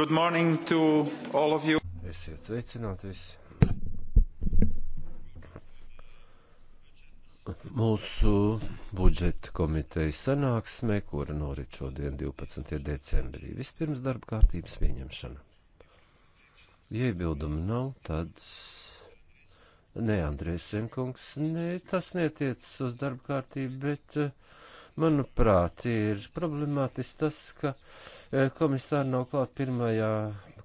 Good morning to all of you. Esiet sveicināti visi. Mūsu budžeta komitejas sanāksmē, kura norit šodien 12. decembrī, vispirms darba kārtības pieņemšana. Ja iebildumu nav, tad ne Andrēs Senkungs, ne tas netiec uz darba kārtību, bet uh, Manuprāt, ir problemātiski tas, ka eh, komisāri nav klāt pirmajā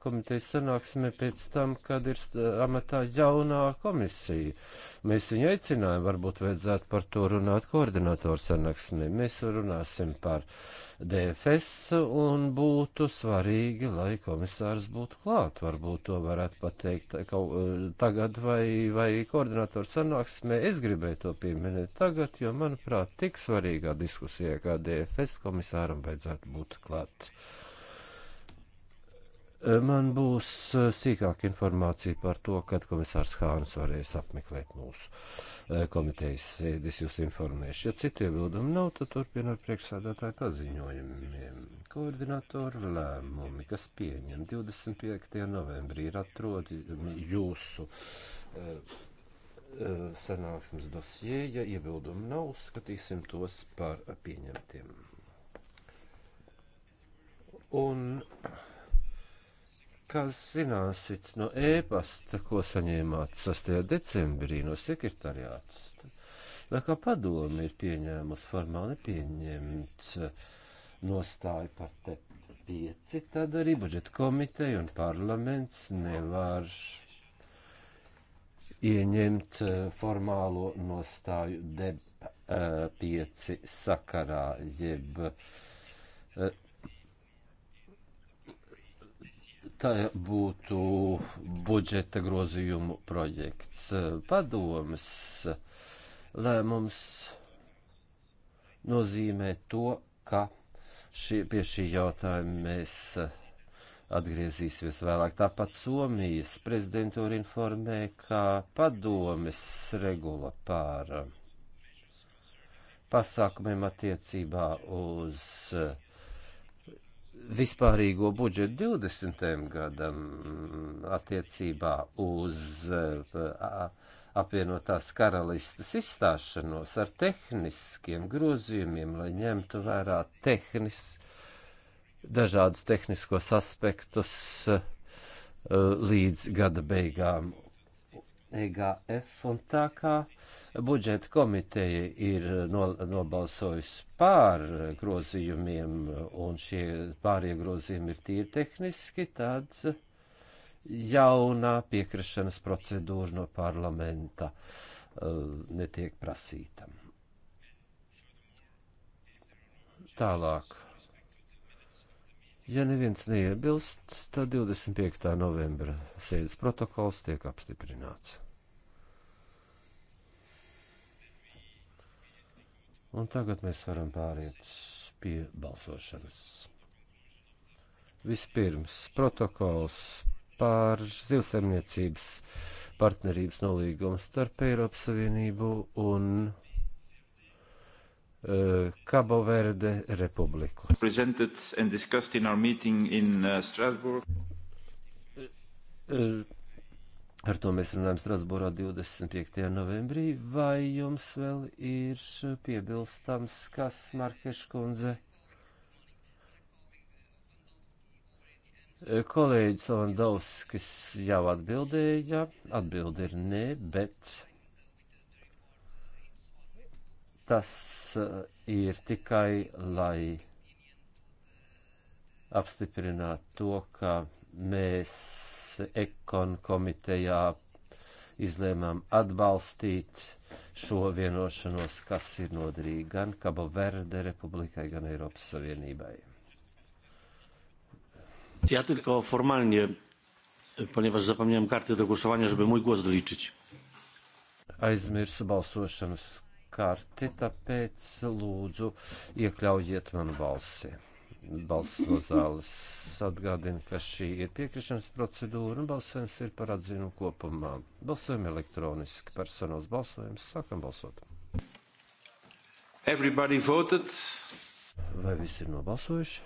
komitejas sanāksme pēc tam, kad ir amatā jaunā komisija. Mēs viņu aicinājām, varbūt vajadzētu par to runāt koordinatoru sanāksmē. Mēs runāsim par DFS un būtu svarīgi, lai komisārs būtu klāt. Varbūt to varētu pateikt kaut, eh, tagad vai, vai koordinatoru sanāksmē. Es gribēju to pieminēt tagad, jo, manuprāt, tik svarīgā diskusijā kā DFS komisāram vajadzētu būt klāt. Man būs eh, sīkāka informācija par to, kad komisārs Hānis varēs apmeklēt mūsu eh, komitejas sēdes. Jūs informēšu. Ja citu iebildumu nav, tad turpina ar priekšsādātāju paziņojumiem. Koordinatoru lēmumi, kas pieņem 25. novembrī, ir atrodami mm, jūsu eh, sanāksmes dosjē, ja iebildumi nav, uzskatīsim tos par pieņemtiem. Un Kas zināsit no ēpasta, ko saņēmāt 6. decembrī no sekretariāts, vai kā padomi ir pieņēmusi formāli pieņemt eh, nostāju par te pieci, tad arī budžeta komiteja un parlaments nevar ieņemt eh, formālo nostāju deb eh, pieci sakarā, jeb tā būtu budžeta grozījumu projekts. Padomas lēmums nozīmē to, ka šie, pie šī jautājuma mēs atgriezīsimies vēlāk. Tāpat Somijas prezidentūra informē, ka padomes regula pār pasākumiem attiecībā uz uh, vispārīgo budžetu 20. gadam mm, attiecībā uz eh, apvienotās karalistas izstāšanos ar tehniskiem grozījumiem, lai ņemtu vērā tehnis, dažādus tehniskos aspektus eh, līdz gada beigām EGF, un tā kā budžeta komiteja ir no, nobalsojusi pār grozījumiem, un šie pārie grozījumi ir tīri tehniski, tad jaunā piekrišanas procedūra no parlamenta uh, netiek prasīta. Tālāk. Ja neviens neiebilst, tad 25. novembra sēdes protokols tiek apstiprināts. Un tagad mēs varam pāriet pie balsošanas. Vispirms protokols par zivsemniecības partnerības nolīgumu starp Eiropas Savienību un uh, eh, Kabo Verde Republiku. In, uh, Ar to mēs runājam Strasbūrā 25. novembrī. Vai jums vēl ir piebilstams, kas Markeškundze? Kolēģis Levandovskis jau atbildēja, atbildi ir nē, bet tas uh, ir tikai, lai apstiprinātu to, ka mēs Ekon komitejā izlēmām atbalstīt šo vienošanos, kas ir noderīga gan Kabo Verde republikai, gan Eiropas Savienībai. Ja tylko formalnie, ponieważ zapomniałem karty do głosowania, żeby mój głos doliczyć. Aizmirsu balsošanas karti, tāpēc lūdzu iekļaujiet manu balsi balss no zāles. Atgādinu, ka šī ir piekrišanas procedūra un balsojums ir par atzinu kopumā. Balsojam elektroniski, personāls balsojums, sākam balsot. Everybody voted. Vai visi ir nobalsojuši?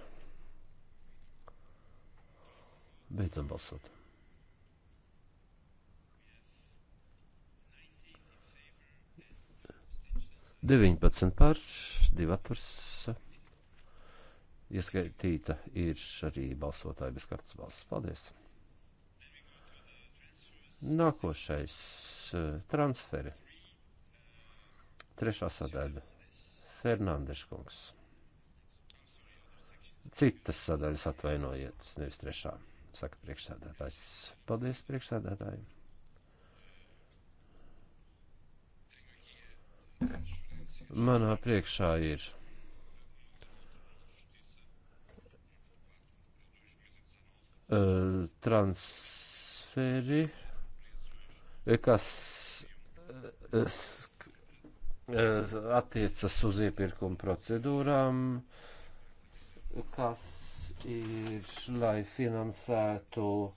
Beidzam balsot. Deviņpadsmit pār, divi atturs ieskaitīta ir arī balsotāja bez kartas balss. Paldies! Nākošais eh, transferi. Trešā sadaļa. Fernandeškungs. Citas sadaļas atvainojiet, nevis trešā, saka priekšsēdētājs. Paldies priekšsēdētājiem! Manā priekšā ir transferi, eh, kas eh, eh, attiecas uz iepirkuma procedūrām, kas ir, lai finansētu uh,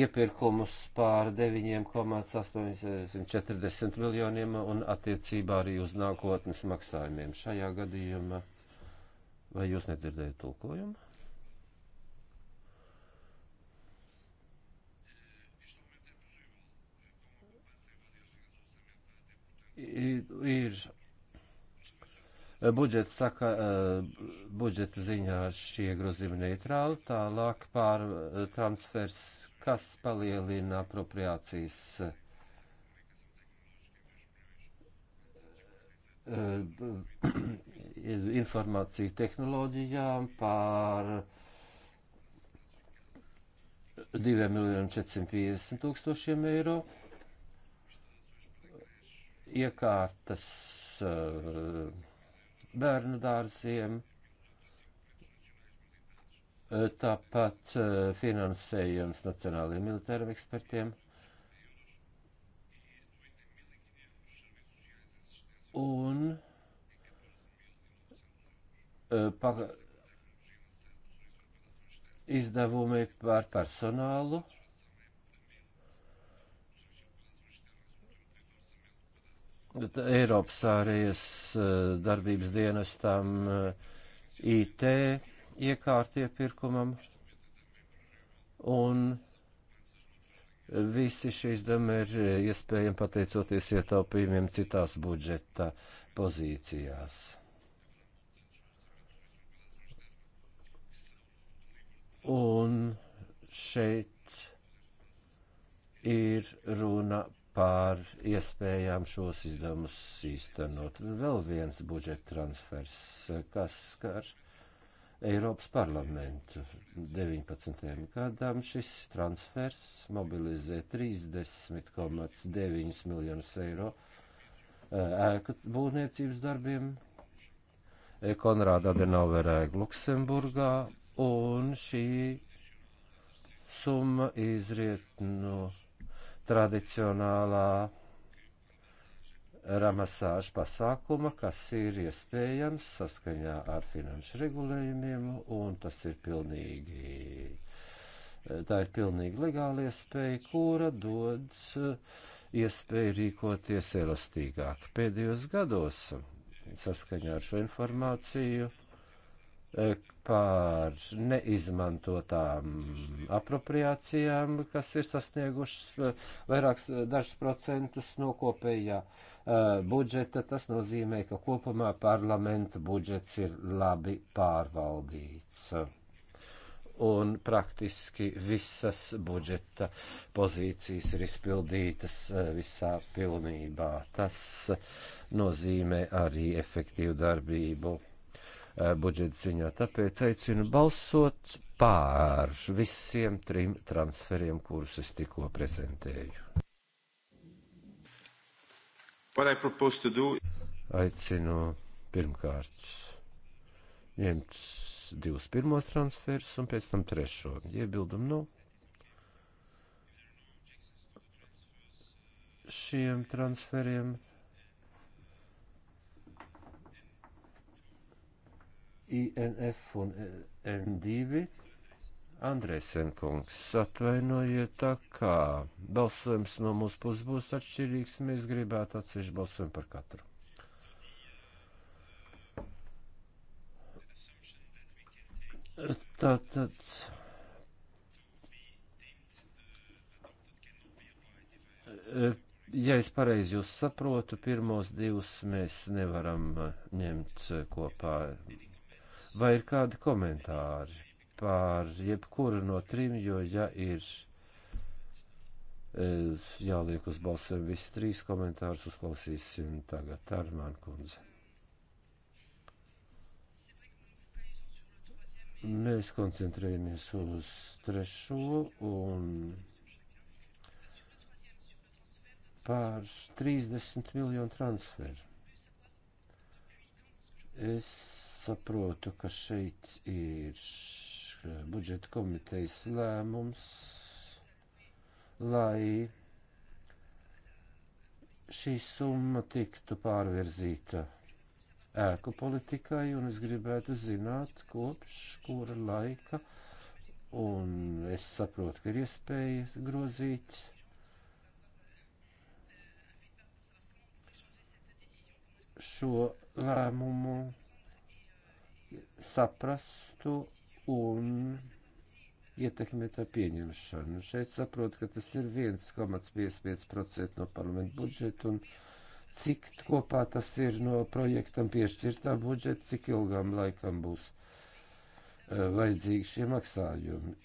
iepirkumus pār 9,840 miljoniem un attiecībā arī uz nākotnes maksājumiem. Šajā gadījumā vai jūs nedzirdējat tulkojumu? ir budžeta, saka, eh, budžeta ziņā šie grozījumi neitrāli, tālāk pār eh, transfers, kas palielina apropriācijas eh, informāciju tehnoloģijām par 2 miljoniem 450 tūkstošiem eiro iekārtas eh, bērnu dārziem, eh, tāpat eh, finansējums nacionālajiem militāriem ekspertiem. Un pa, izdevumi par personālu Eiropas ārējas eh, darbības dienestam eh, IT iekārt iepirkumam un visi šīs doma ir eh, iespējami pateicoties ietaupījumiem citās budžeta pozīcijās. Un šeit ir runa par iespējām šos izdevumus īstenot. Vēl viens budžeta transfers, kas skar Eiropas parlamentu 19. gadam. Šis transfers mobilizē 30,9 miljonus eiro eh, ēku būvniecības darbiem eh, Konrāda Adenauverē Luksemburgā, un šī summa izriet no tradicionālā ramasāža pasākuma, kas ir iespējams saskaņā ar finanšu regulējumiem, un tas ir pilnīgi, tā ir pilnīgi legāla iespēja, kura dodas iespēju rīkoties elastīgāk. Pēdējos gados saskaņā ar šo informāciju Eh, pār neizmantotām apropriācijām, kas ir sasniegušas eh, vairākus eh, dažus procentus no kopējā uh, budžeta. Tas nozīmē, ka kopumā parlamenta budžets ir labi pārvaldīts. Un praktiski visas budžeta pozīcijas ir izpildītas visā pilnībā. Tas nozīmē arī efektīvu darbību Eh, budžeta ziņā. Tāpēc aicinu balsot pār visiem trim transferiem, kurus es tikko prezentēju. Aicinu pirmkārt ņemt divus pirmos transferus un pēc tam trešo. Iebildumu nav. Šiem transferiem INF un N2. Andrēsen kungs, atvainojiet, tā kā balsojums no mūsu puses būs atšķirīgs, mēs gribētu atsevišķi balsojumu par katru. Tātad. Ja es pareizi jūs saprotu, pirmos divus mēs nevaram ņemt kopā Vai ir kādi komentāri par jebkuru no trim, jo ja ir eh, jāliek uz balsēm viss trīs komentārus, uzklausīsim tagad Tārmāna kundze. Mēs koncentrējamies uz trešo un pār 30 miljonu transferu. Es saprotu, ka šeit ir budžeta komitejas lēmums, lai šī summa tiktu pārvirzīta ēku politikai, un es gribētu zināt, kopš kura laika, un es saprotu, ka ir iespēja grozīt. Šo lēmumu saprastu un ietekmēt ar pieņemšanu. Šeit saprotu, ka tas ir 1,55% no parlamenta budžeta un cik kopā tas ir no projektam piešķirtā budžeta, cik ilgam laikam būs uh, vajadzīgi šie maksājumi.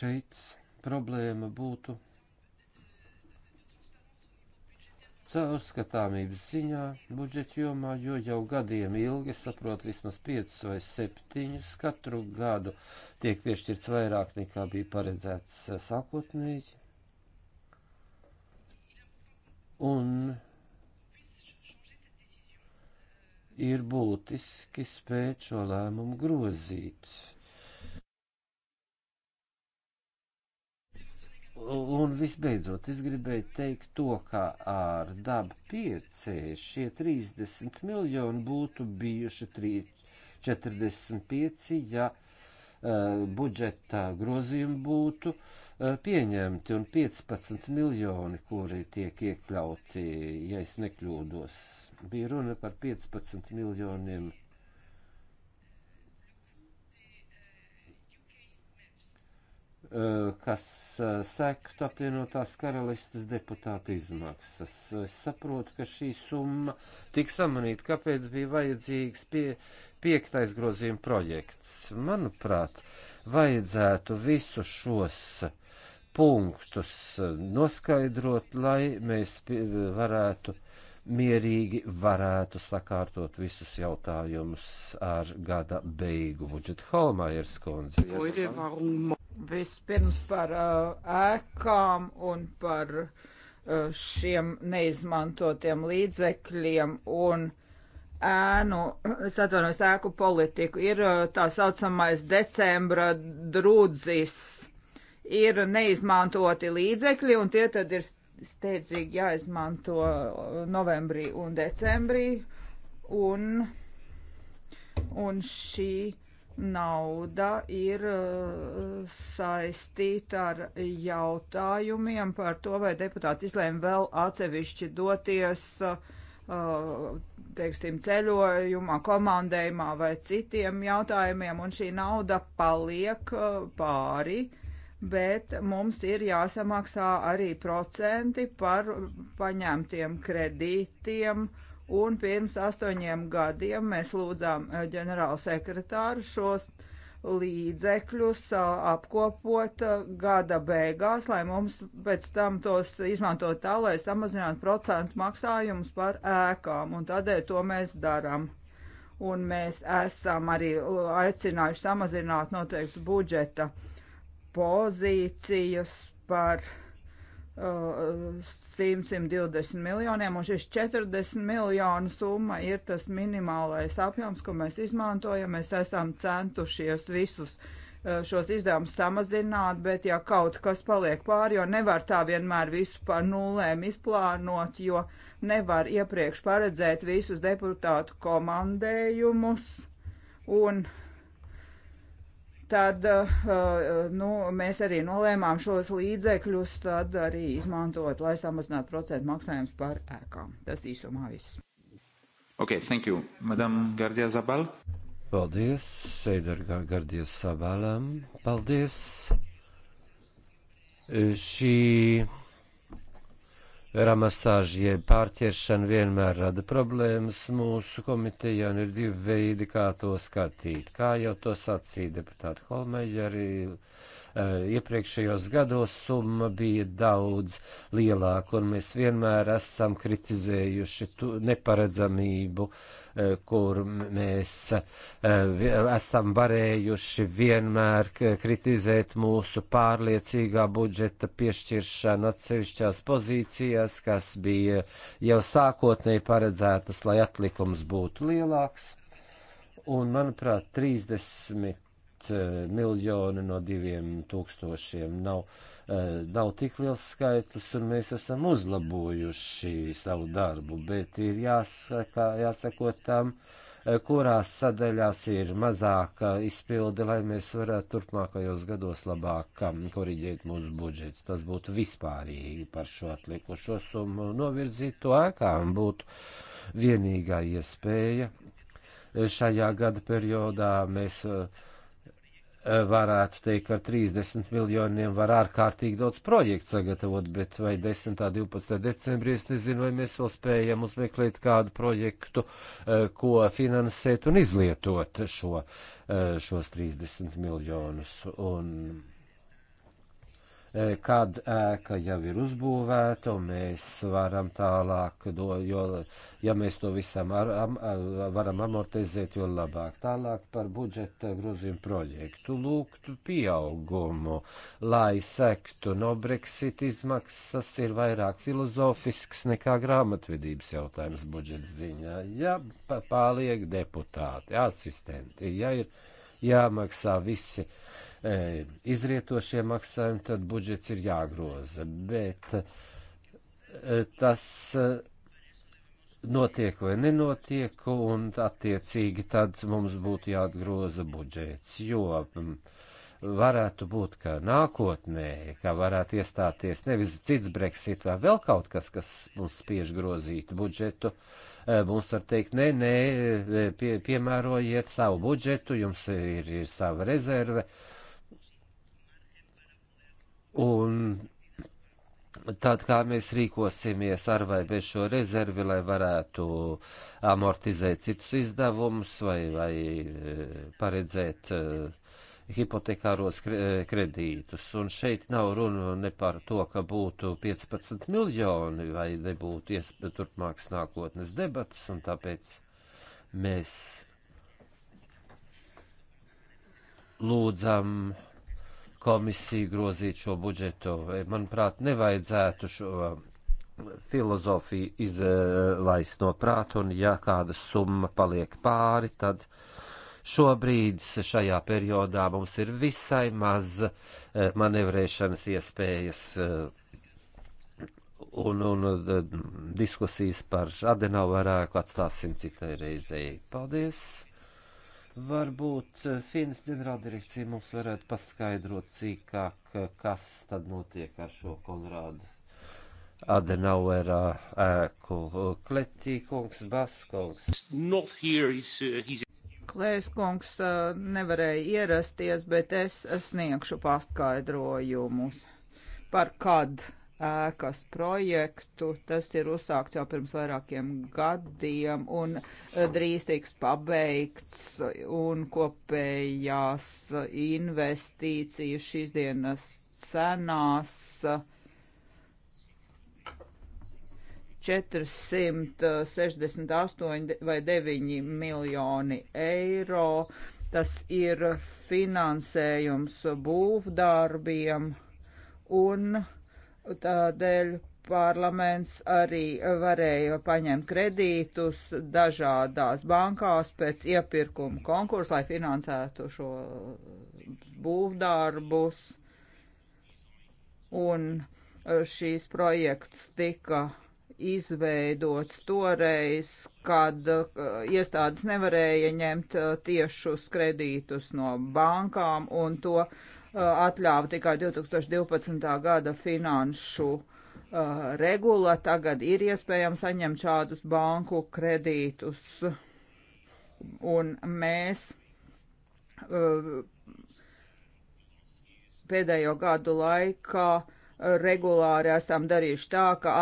Šeit problēma būtu caurskatāmības ziņā budžeta jomā, jo jau gadiem ilgi, saprot, vismaz 5 vai 7 katru gadu tiek piešķirts vairāk nekā bija paredzēts eh, sākotnēji. Un ir būtiski spēt šo lēmumu grozīt. Un visbeidzot, es gribēju teikt to, ka ar dabu 5 šie 30 miljoni būtu bijuši 3, 45, ja uh, budžeta grozījumi būtu uh, pieņemti un 15 miljoni, kuri tiek iekļauti, ja es nekļūdos. Bija runa par 15 miljoniem eiro Eh, kas eh, sektu apvienotās karalistas deputātu izmaksas. Es saprotu, ka šī summa tik samanīta, kāpēc bija vajadzīgs pie, piektais grozījuma projekts. Manuprāt, vajadzētu visu šos punktus eh, noskaidrot, lai mēs varētu mierīgi varētu sakārtot visus jautājumus ar gada beigu budžeta Holmajers kundze. Vispirms par uh, ēkām un par uh, šiem neizmantotiem līdzekļiem un ēnu, es atvainojos, ēku politiku. Ir uh, tā saucamais decembra drudzis. Ir neizmantoti līdzekļi un tie tad ir steidzīgi jāizmanto uh, novembrī un decembrī. Un, un šī nauda ir eh, saistīta ar jautājumiem par to, vai deputāti izlēma vēl atsevišķi doties, eh, teiksim, ceļojumā, komandējumā vai citiem jautājumiem, un šī nauda paliek eh, pāri bet mums ir jāsamaksā arī procenti par paņemtiem kredītiem un pirms astoņiem gadiem mēs lūdzām eh, ģenerālu sekretāru šos līdzekļus eh, apkopot eh, gada beigās, lai mums pēc tam tos izmantot tā, lai samazinātu procentu maksājumus par ēkām, un tādēļ to mēs darām. Un mēs esam arī aicinājuši samazināt noteikts budžeta pozīcijas par ēkām 120 miljoniem, un šis 40 miljonu summa ir tas minimālais apjoms, ko mēs izmantojam. Mēs esam centušies visus eh, šos izdevumus samazināt, bet ja kaut kas paliek pāri, jo nevar tā vienmēr visu par nulēm izplānot, jo nevar iepriekš paredzēt visus deputātu komandējumus. Un tad eh, nu, mēs arī nolēmām šos līdzekļus tad arī izmantot, lai samazinātu procentu maksājumus par ēkām. Tas īsumā viss. Ok, thank you. Madam Gardija Zabal. Paldies, Seidar Gardija Zabalam. Paldies. Šī ramasāža jeb pārķeršana vienmēr rada problēmas mūsu komitejā un ir divi veidi, kā to skatīt. Kā jau to sacīja deputāta Holmeģa, arī Eh, iepriekšējos gados summa bija daudz lielāka, un mēs vienmēr esam kritizējuši neparedzamību, eh, kur mēs eh, esam varējuši vienmēr kritizēt mūsu pārliecīgā budžeta piešķiršanu atsevišķās pozīcijās, kas bija jau sākotnēji paredzētas, lai atlikums būtu lielāks. Un, manuprāt, 30 Eh, miljoni no diviem tūkstošiem nav, eh, nav tik liels skaitlis, un mēs esam uzlabojuši savu darbu, bet ir jāsaka, jāsako tam, eh, kurās sadaļās ir mazāka izpilde, lai mēs varētu turpmākajos gados labāk koriģēt mūsu budžetu. Tas būtu vispārīgi par šo atlikušo summu novirzīt to ēkām būtu vienīgā iespēja. Šajā gada periodā mēs uh, varētu teikt, ar 30 miljoniem var ārkārtīgi daudz projektu sagatavot, bet vai 10. 12. decembrī es nezinu, vai mēs vēl spējam uzmeklēt kādu projektu, eh, ko finansēt un izlietot šo, eh, šos 30 miljonus. Un, E, kad ēka jau ir uzbūvēta un mēs varam tālāk, do, jo, ja mēs to visam ar, am, varam amortizēt, jo labāk. Tālāk par budžeta grozījumu projektu lūgtu pieaugumu, lai sektu no Brexit izmaksas ir vairāk filozofisks nekā grāmatvedības jautājums budžeta ziņā. Ja paliek deputāti, asistenti, ja ir jāmaksā visi. Uh, E, izrietošie maksājumi, tad budžets ir jāgroza. Bet e, tas e, notiek vai nenotiek, un attiecīgi tad mums būtu jāatgroza budžets, jo varētu būt, ka nākotnē, ka varētu iestāties nevis cits Brexit vai vēl kaut kas, kas mums spiež grozīt budžetu, mums var teikt, nē, nē, pie, piemērojiet savu budžetu, jums ir, ir sava rezerve, uh, Un tad, kā mēs rīkosimies ar vai bez šo rezervi, lai varētu amortizēt citus izdevumus vai, vai e, paredzēt e, hipotekāros e, kredītus. Un šeit nav runa ne par to, ka būtu 15 miljoni vai nebūtu turpmākas nākotnes debatas, un tāpēc mēs lūdzam komisiju grozīt šo budžetu. Eh, manuprāt, nevajadzētu šo eh, filozofiju izlaist no prāta, un ja kāda summa paliek pāri, tad šobrīd šajā periodā mums ir visai maz eh, manevrēšanas iespējas un, un diskusijas par Adenauerēku atstāsim citai reizei. Paldies! Varbūt eh, Finas ģenerāldirekcija mums varētu paskaidrot cīkāk, eh, kas tad notiek ar šo Konrādu Adenauerā ēku. Kletī kungs, Baskungs. Klēs kungs uh, uh, nevarēja ierasties, bet es sniegšu paskaidrojumus par kad ēkas projektu. Tas ir uzsākts jau pirms vairākiem gadiem un eh, drīz tiks pabeigts un kopējās eh, investīcijas šīs dienas cenās 468 eh, vai 9 miljoni eiro. Tas ir finansējums būvdarbiem un uh, Tādēļ parlaments arī varēja paņemt kredītus dažādās bankās pēc iepirkuma konkursa, lai finansētu šo būvdarbus. Un šīs projekts tika izveidots toreiz, kad uh, iestādes nevarēja ņemt uh, tiešus kredītus no bankām un to uh, Uh, atļāva tikai 2012. gada finanšu uh, regula. Tagad ir iespējams saņemt šādus banku kredītus. Un mēs uh, pēdējo gadu laikā regulāri esam darījuši tā, ka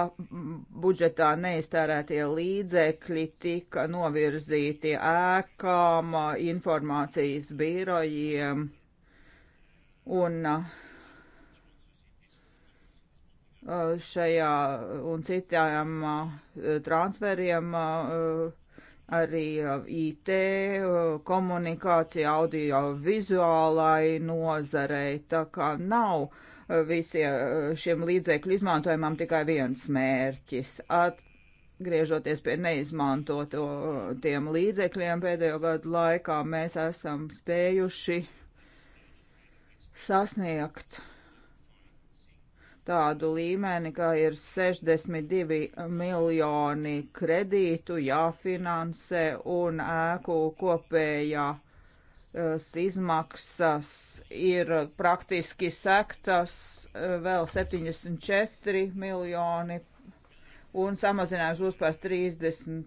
budžetā neiztērētie līdzekļi tika novirzīti ēkām, informācijas birojiem Un uh, šajā un citām uh, transferiem uh, arī IT, komunikācija, audio, vizuālai nozarei, tā kā nav visiem šiem līdzekļu izmantojumam tikai viens mērķis. Atgriežoties pie neizmantotiem līdzekļiem, pēdējo gadu laikā mēs esam spējuši sasniegt tādu līmeni, kā ir 62 miljoni kredītu jāfinansē un ēku kopējā eh, izmaksas ir praktiski sektas eh, vēl 74 miljoni un samazinājums būs par 30 eh,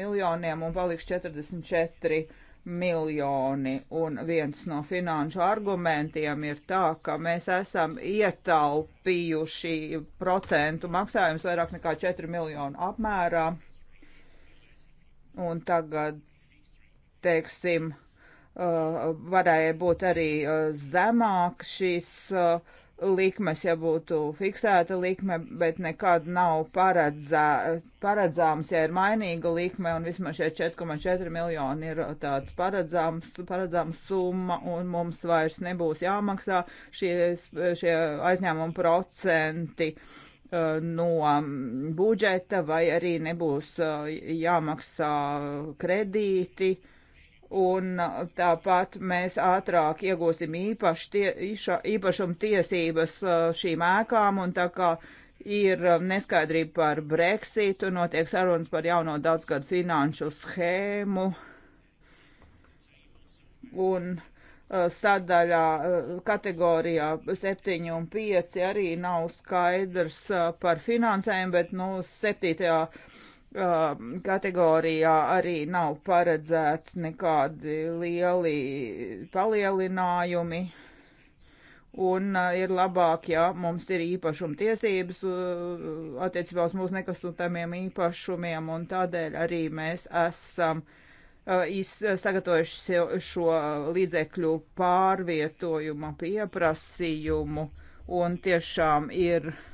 miljoniem un paliks 44 miljoni miljoni. Un viens no finanšu argumentiem ir tā, ka mēs esam ietaupījuši procentu maksājumus vairāk nekā 4 miljonu apmērā. Un tagad, teiksim, uh, varēja būt arī uh, zemāk šīs uh, likmes, ja būtu fiksēta likme, bet nekad nav paredzā, paredzāms, ja ir mainīga likme, un vismaz šie 4,4 miljoni ir tāds paredzāms, paredzāms summa, un mums vairs nebūs jāmaksā šie, šie aizņēmuma procenti uh, no budžeta, vai arī nebūs uh, jāmaksā kredīti un tāpat mēs ātrāk iegūsim īpaši tie, īpašuma tiesības šīm ēkām, un tā kā ir neskaidrība par Brexitu, notiek sarunas par jauno daudzgadu finanšu schēmu, un sadaļā kategorijā 7 un 5 arī nav skaidrs par finansējumu, bet, nu, 7 Um, kategorijā arī nav paredzēts nekādi lieli palielinājumi. Un uh, ir labāk, ja mums ir īpašuma tiesības uh, attiecībā uz mūsu nekustamiem īpašumiem, un tādēļ arī mēs esam uh, sagatavojuši šo līdzekļu pārvietojuma pieprasījumu, un tiešām ir uh,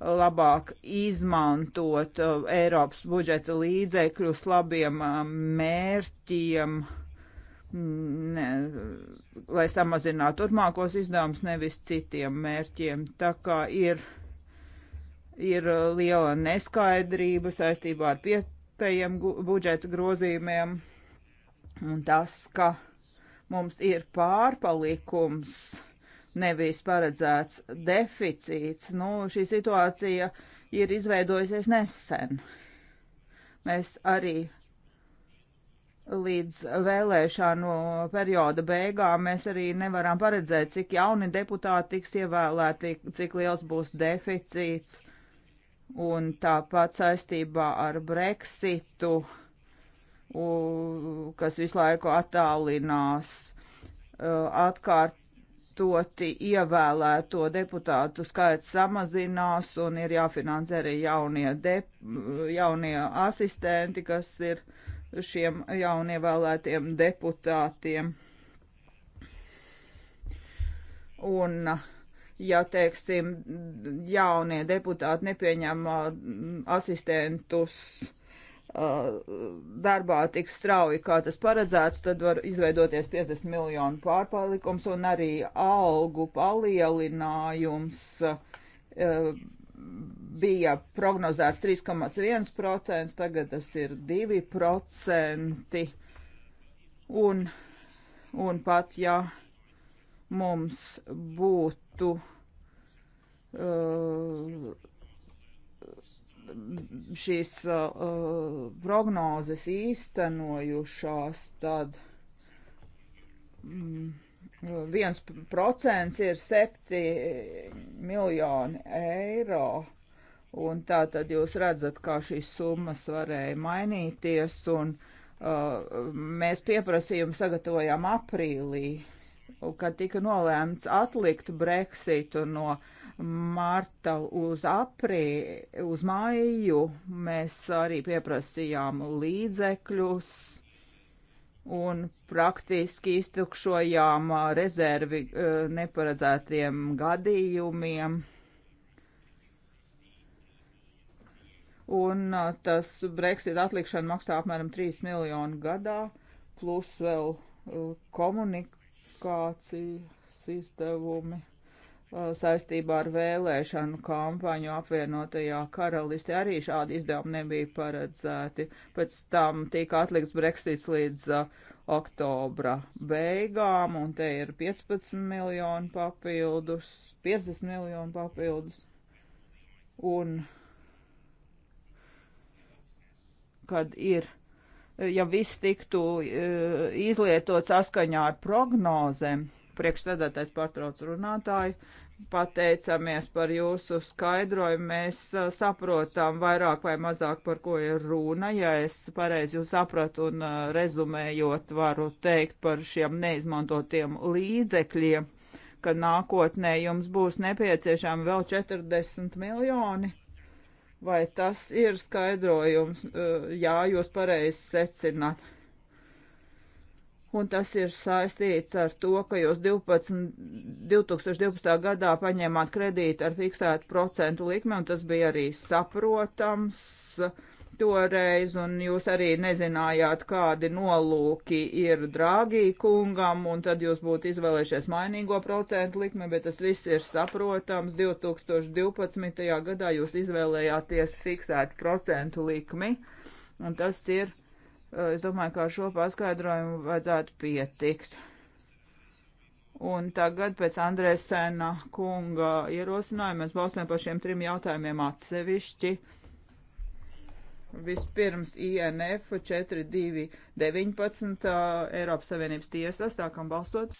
labāk izmantot uh, Eiropas budžeta līdzekļus labiem uh, mērķiem, mm, ne, lai samazinātu turpmākos izdevumus, nevis citiem mērķiem. Tā kā ir, ir uh, liela neskaidrība saistībā ar pietajiem budžeta grozījumiem un tas, ka mums ir pārpalikums nebijis paredzēts deficīts. Nu, šī situācija ir izveidojusies nesen. Mēs arī līdz vēlēšanu perioda beigām mēs arī nevaram paredzēt, cik jauni deputāti tiks ievēlēti, cik liels būs deficīts. Un tāpat saistībā ar Brexitu, kas visu laiku attālinās, uh, atkārt atkārtoti ievēlēto deputātu skaits samazinās un ir jāfinansē arī jaunie, de, jaunie asistenti, kas ir šiem jaunievēlētiem deputātiem. Un ja, teiksim, jaunie deputāti nepieņem uh, asistentus Uh, darbā tik strauji, kā tas paredzēts, tad var izveidoties 50 miljonu pārpalikums un arī algu palielinājums uh, bija prognozēts 3,1%, tagad tas ir 2%. Un, un pat ja mums būtu uh, šīs uh, uh, prognozes īstenojušās, tad mm, viens procents ir septi miljoni eiro. Un tā tad jūs redzat, kā šīs summas varēja mainīties, un uh, mēs pieprasījumu sagatavojām aprīlī, kad tika nolēmts atlikt Brexitu no uh, marta uz aprī, uz māju mēs arī pieprasījām līdzekļus un praktiski iztukšojām rezervi eh, neparedzētiem gadījumiem. Un eh, tas Brexit atlikšana maksā apmēram 3 miljonu gadā, plus vēl eh, komunikācijas izdevumi Uh, saistībā ar vēlēšanu kampaņu apvienotajā karalistē arī šādi izdevumi nebija paredzēti. Pēc tam tika atlikts Brexits līdz uh, oktobra beigām, un te ir 15 miljoni papildus, 50 miljoni papildus. Un kad ir ja viss tiktu uh, izlietots saskaņā ar prognozēm, priekšsēdētājs pārtrauc runātāju, pateicamies par jūsu skaidrojumu. Mēs saprotam vairāk vai mazāk, par ko ir runa. Ja es pareizi jūs sapratu un rezumējot, varu teikt par šiem neizmantotiem līdzekļiem, ka nākotnē jums būs nepieciešami vēl 40 miljoni. Vai tas ir skaidrojums? Jā, jūs pareizi secināt. Un tas ir saistīts ar to, ka jūs 12, 2012. gadā paņēmāt kredītu ar fiksētu procentu likmi, un tas bija arī saprotams toreiz, un jūs arī nezinājāt, kādi nolūki ir drāgī kungam, un tad jūs būtu izvēlējušies mainīgo procentu likmi, bet tas viss ir saprotams. 2012. gadā jūs izvēlējāties fiksētu procentu likmi, un tas ir Eh, es domāju, ka šo paskaidrojumu vajadzētu pietikt. Un tagad pēc Andrēsēna kunga ierosinājuma mēs balsojam par šiem trim jautājumiem atsevišķi. Vispirms INF 4219 eh, Eiropas Savienības tiesas, sākam balsot.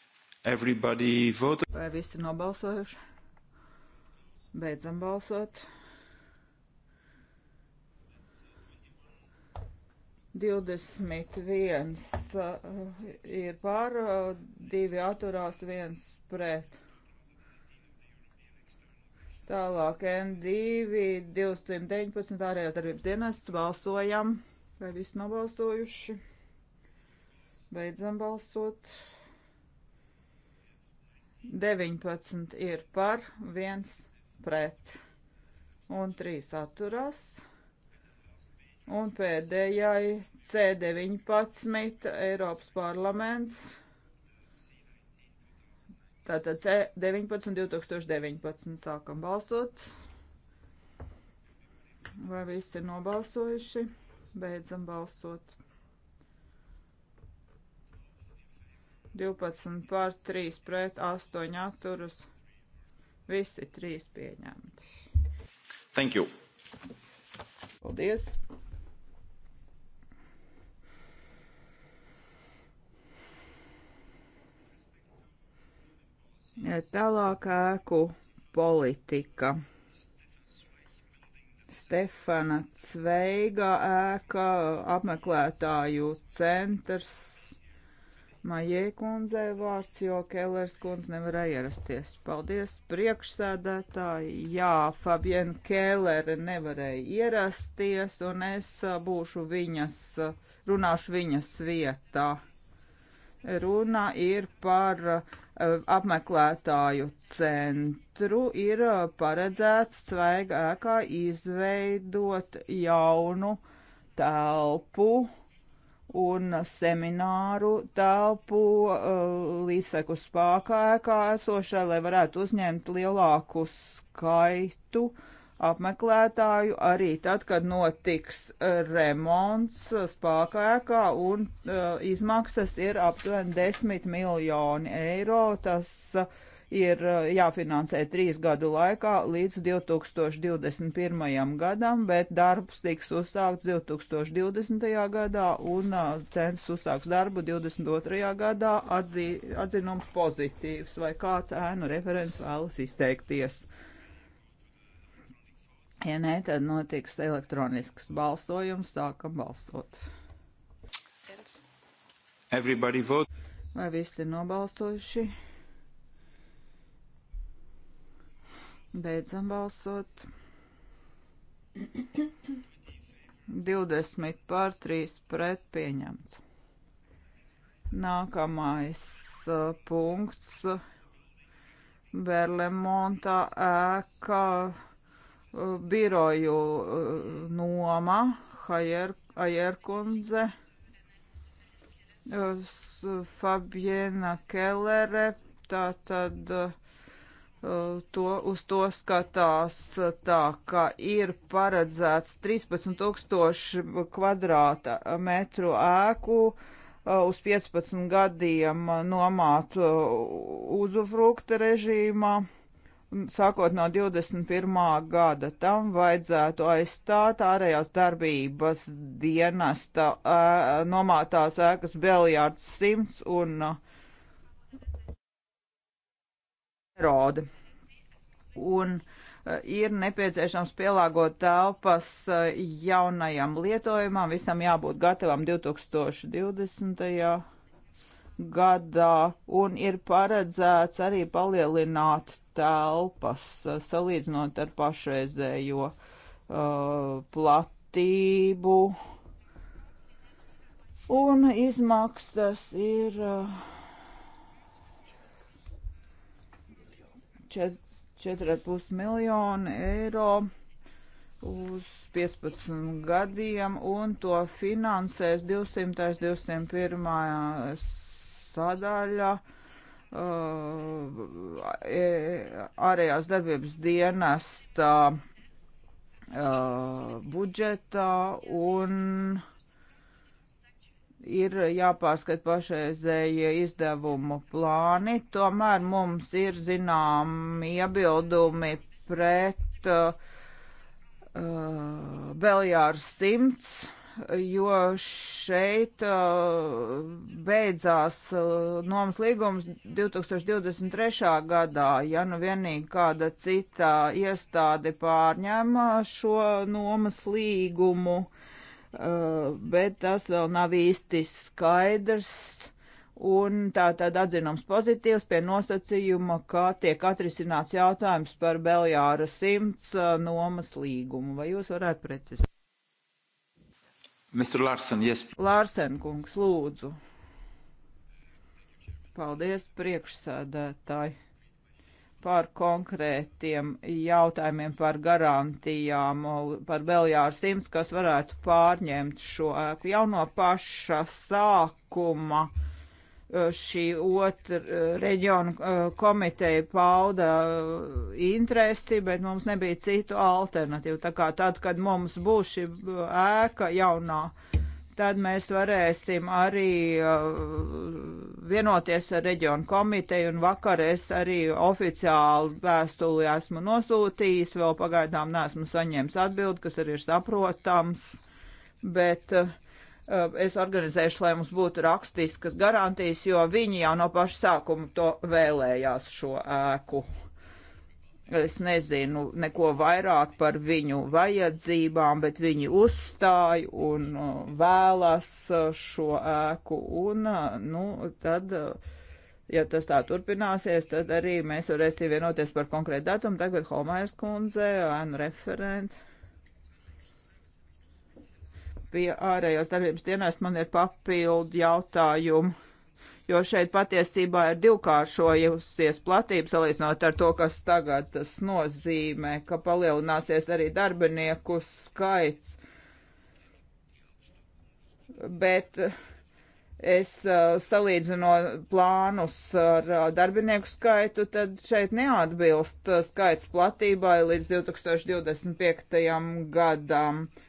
Everybody voted. Vai visi nobalsojuši? Beidzam balsot. 21 uh, ir par, 2 uh, atturās, 1 pret. Tālāk N2 219 ārējās darbības dienests balsojam. Vai viss nobalsojuši? Beidzam balsot. 19 ir par, 1 pret un 3 atturās. Un pēdējai C19 Eiropas parlaments. Tātad C19 2019 sākam balsot. Vai visi ir nobalsojuši? Beidzam balsot. 12 pār 3 pret 8 atturus. Visi trīs pieņemti. Thank you. Paldies. Tālāk ēku politika. Stefana Cveiga ēka, apmeklētāju centrs. Maijai kundzei vārds, jo Kellers kundz nevarēja ierasties. Paldies priekšsēdētāji. Jā, Fabien Kellere nevarēja ierasties, un es būšu viņas, runāšu viņas vietā. Runa ir par uh, Eh, apmeklētāju centru ir eh, paredzēts svaiga ēkā izveidot jaunu telpu un semināru telpu eh, līdzseku spākā ēkā esošai, lai varētu uzņemt lielāku skaitu uh, apmeklētāju arī tad, kad notiks remonts spākēkā un uh, izmaksas ir aptuveni 10 miljoni eiro. Tas uh, ir uh, jāfinansē trīs gadu laikā līdz 2021. gadam, bet darbs tiks uzsākts 2020. gadā un uh, cents uzsāks darbu 2022. gadā atzī, atzinums pozitīvs vai kāds ēnu referents vēlas izteikties. Ja nē, tad notiks elektronisks balsojums. Sākam balsot. Vai visi ir nobalsojuši? Beidzam balsot. 20 pār 3 pret pieņemts. Nākamais uh, punkts. Berlemonta ēka. Uh, biroju eh, noma Hajerkundze, eh, Fabiena Kellere, tātad eh, to, uz to skatās tā, ka ir paredzēts 13 tūkstoši kvadrāta metru ēku, uz 15 gadiem nomāt uzufrukta režīmā sākot no 21. gada. Tam vajadzētu aizstāt ārējās darbības dienesta ē, nomātās ēkas Belijārds 100 un Rode. Un ir nepieciešams pielāgot telpas jaunajam lietojumam, visam jābūt gatavam 2020. gadā gadā, un ir paredzēts arī palielināt telpas, eh, salīdzinot ar pašreizējo uh, platību. Un izmaksas ir uh, 4,5 miljoni eiro uz 15 gadiem, un to finansēs 200. 201 sadaļa. Uh, e, ārējās darbības dienesta uh, budžetā un ir jāpārskat pašreizējie izdevumu plāni. Tomēr mums ir zinām iebildumi pret uh, Beljārs uh, simts jo šeit uh, beidzās uh, nomas līgums 2023. gadā, ja nu vienīgi kāda cita iestāde pārņem uh, šo nomas līgumu, bet tas vēl nav īsti skaidrs. Un tā tad atzinums pozitīvs pie nosacījuma, ka tiek atrisināts jautājums par Beljāra simts nomas līgumu. Vai jūs varētu precizēt? Mr. Larsen, yes. Larsen kungs, lūdzu. Paldies, priekšsēdētāji, par konkrētiem jautājumiem par garantijām, par Beljāru Sims, kas varētu pārņemt šo ēku jau no paša sākuma. Uh, Eh, šī otra eh, reģiona eh, komiteja pauda interesi, bet mums nebija citu alternatīvu. Tā kā tad, kad mums būs šī ēka jaunā, tad mēs varēsim arī vienoties ar reģionu komiteju, un vakar es arī oficiāli vēstuli esmu nosūtījis, vēl pagaidām neesmu saņēmis atbildi, kas arī ir saprotams, bet uh, Eh, es organizēšu, lai mums būtu rakstiskas garantijas, jo viņi jau no paša sākuma to vēlējās šo ēku. Es nezinu neko vairāk par viņu vajadzībām, bet viņi uzstāja un eh, vēlas eh, šo ēku. Un, nu, tad, ja tas tā turpināsies, tad arī mēs varēsim vienoties par konkrētu datumu. Tagad Holmairs kundze, ēnu referenti pie ārējās darbības dienas man ir papildu jautājumu, jo šeit patiesībā ir divkāršojusies platība salīdzinot ar to, kas tagad tas nozīmē, ka palielināsies arī darbinieku skaits. Bet es uh, salīdzinu plānus ar uh, darbinieku skaitu, tad šeit neatbilst uh, skaits platībai līdz 2025. gadam. Uh,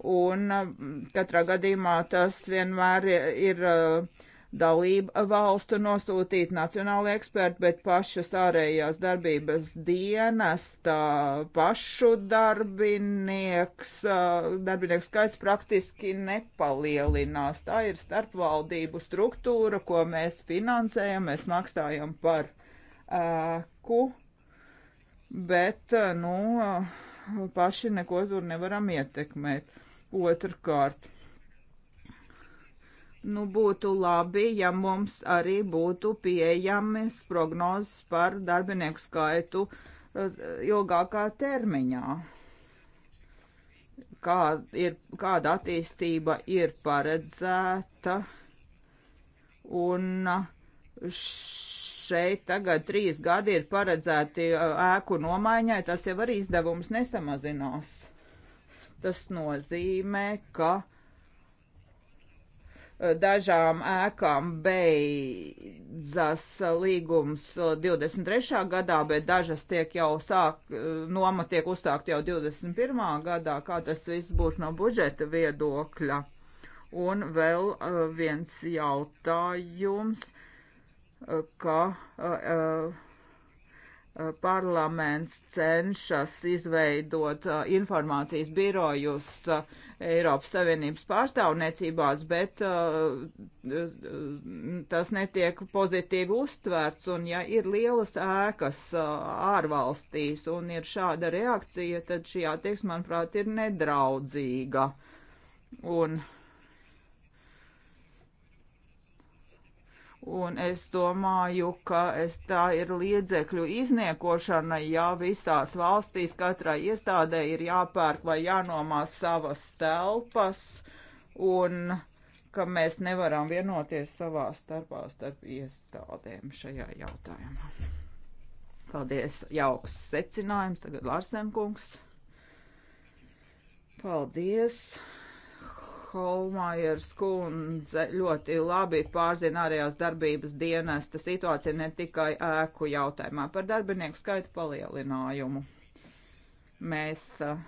un um, katrā gadījumā tas vienmēr ir uh, dalība valstu nosūtīt nacionāli eksperti, bet pašas ārējās darbības dienas, tā pašu darbinieks, uh, darbinieks skaits praktiski nepalielinās. Tā ir starpvaldību struktūra, ko mēs finansējam, mēs maksājam par ēku, uh, bet, nu, uh, paši neko tur nevaram ietekmēt. Otrkārt, nu būtu labi, ja mums arī būtu pieejamas prognozes par darbinieku skaitu eh, ilgākā termiņā. Kā ir, kāda attīstība ir paredzēta un uh, šeit tagad trīs gadi ir paredzēti uh, ēku nomaiņai, tas jau arī izdevums nesamazinās. Tas nozīmē, ka uh, dažām ēkām beidzas līgums 23. Uh, gadā, bet dažas tiek jau sāk, noma tiek uzsākt jau 21. gadā, kā tas viss būs no budžeta viedokļa. Un vēl viens jautājums ka eh, eh, parlaments cenšas izveidot eh, informācijas birojus Eiropas Savienības pārstāvniecībās, bet tas netiek pozitīvi uztverts, un ja ir lielas ēkas ārvalstīs un ir šāda reakcija, tad šī attieksme, manuprāt, ir nedraudzīga. Un Un es domāju, ka es tā ir liedzekļu izniekošana, ja visās valstīs katrai iestādē ir jāpērk vai jānomā savas telpas, un ka mēs nevaram vienoties savā starpā starp iestādēm šajā jautājumā. Paldies, jauks secinājums, tagad Larsenkungs. Paldies. Holmajers kundze ļoti labi pārzina ārējās darbības dienesta situāciju ne tikai ēku jautājumā par darbinieku skaitu palielinājumu. Mēs eh,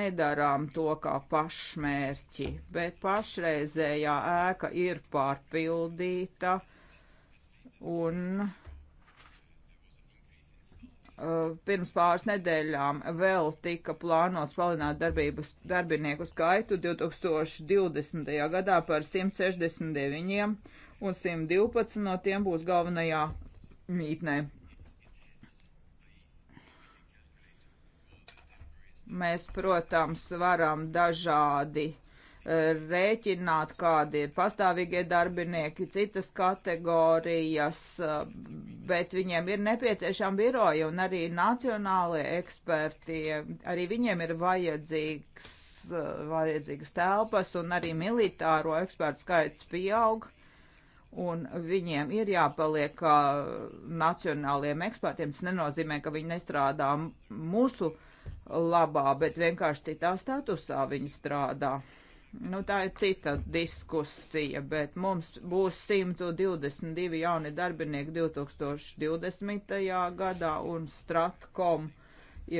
nedarām to kā pašmērķi, bet pašreizējā ēka ir pārpildīta un Eh, pirms pāris nedēļām vēl tika plānots palielināt darbības, darbinieku skaitu 2020. gadā par 169 un 112 no tiem būs galvenajā mītnē. Mēs, protams, varam dažādi rēķināt, kādi ir pastāvīgie darbinieki, citas kategorijas, bet viņiem ir nepieciešama biroja un arī nacionālie eksperti, arī viņiem ir vajadzīgs, vajadzīgas telpas un arī militāro ekspertu skaits pieaug. Un viņiem ir jāpaliek kā nacionāliem ekspertiem. Tas nenozīmē, ka viņi nestrādā mūsu labā, bet vienkārši citā statusā viņi strādā. Nu, tā ir cita diskusija, bet mums būs 122 jauni darbinieki 2020. gadā un Stratkom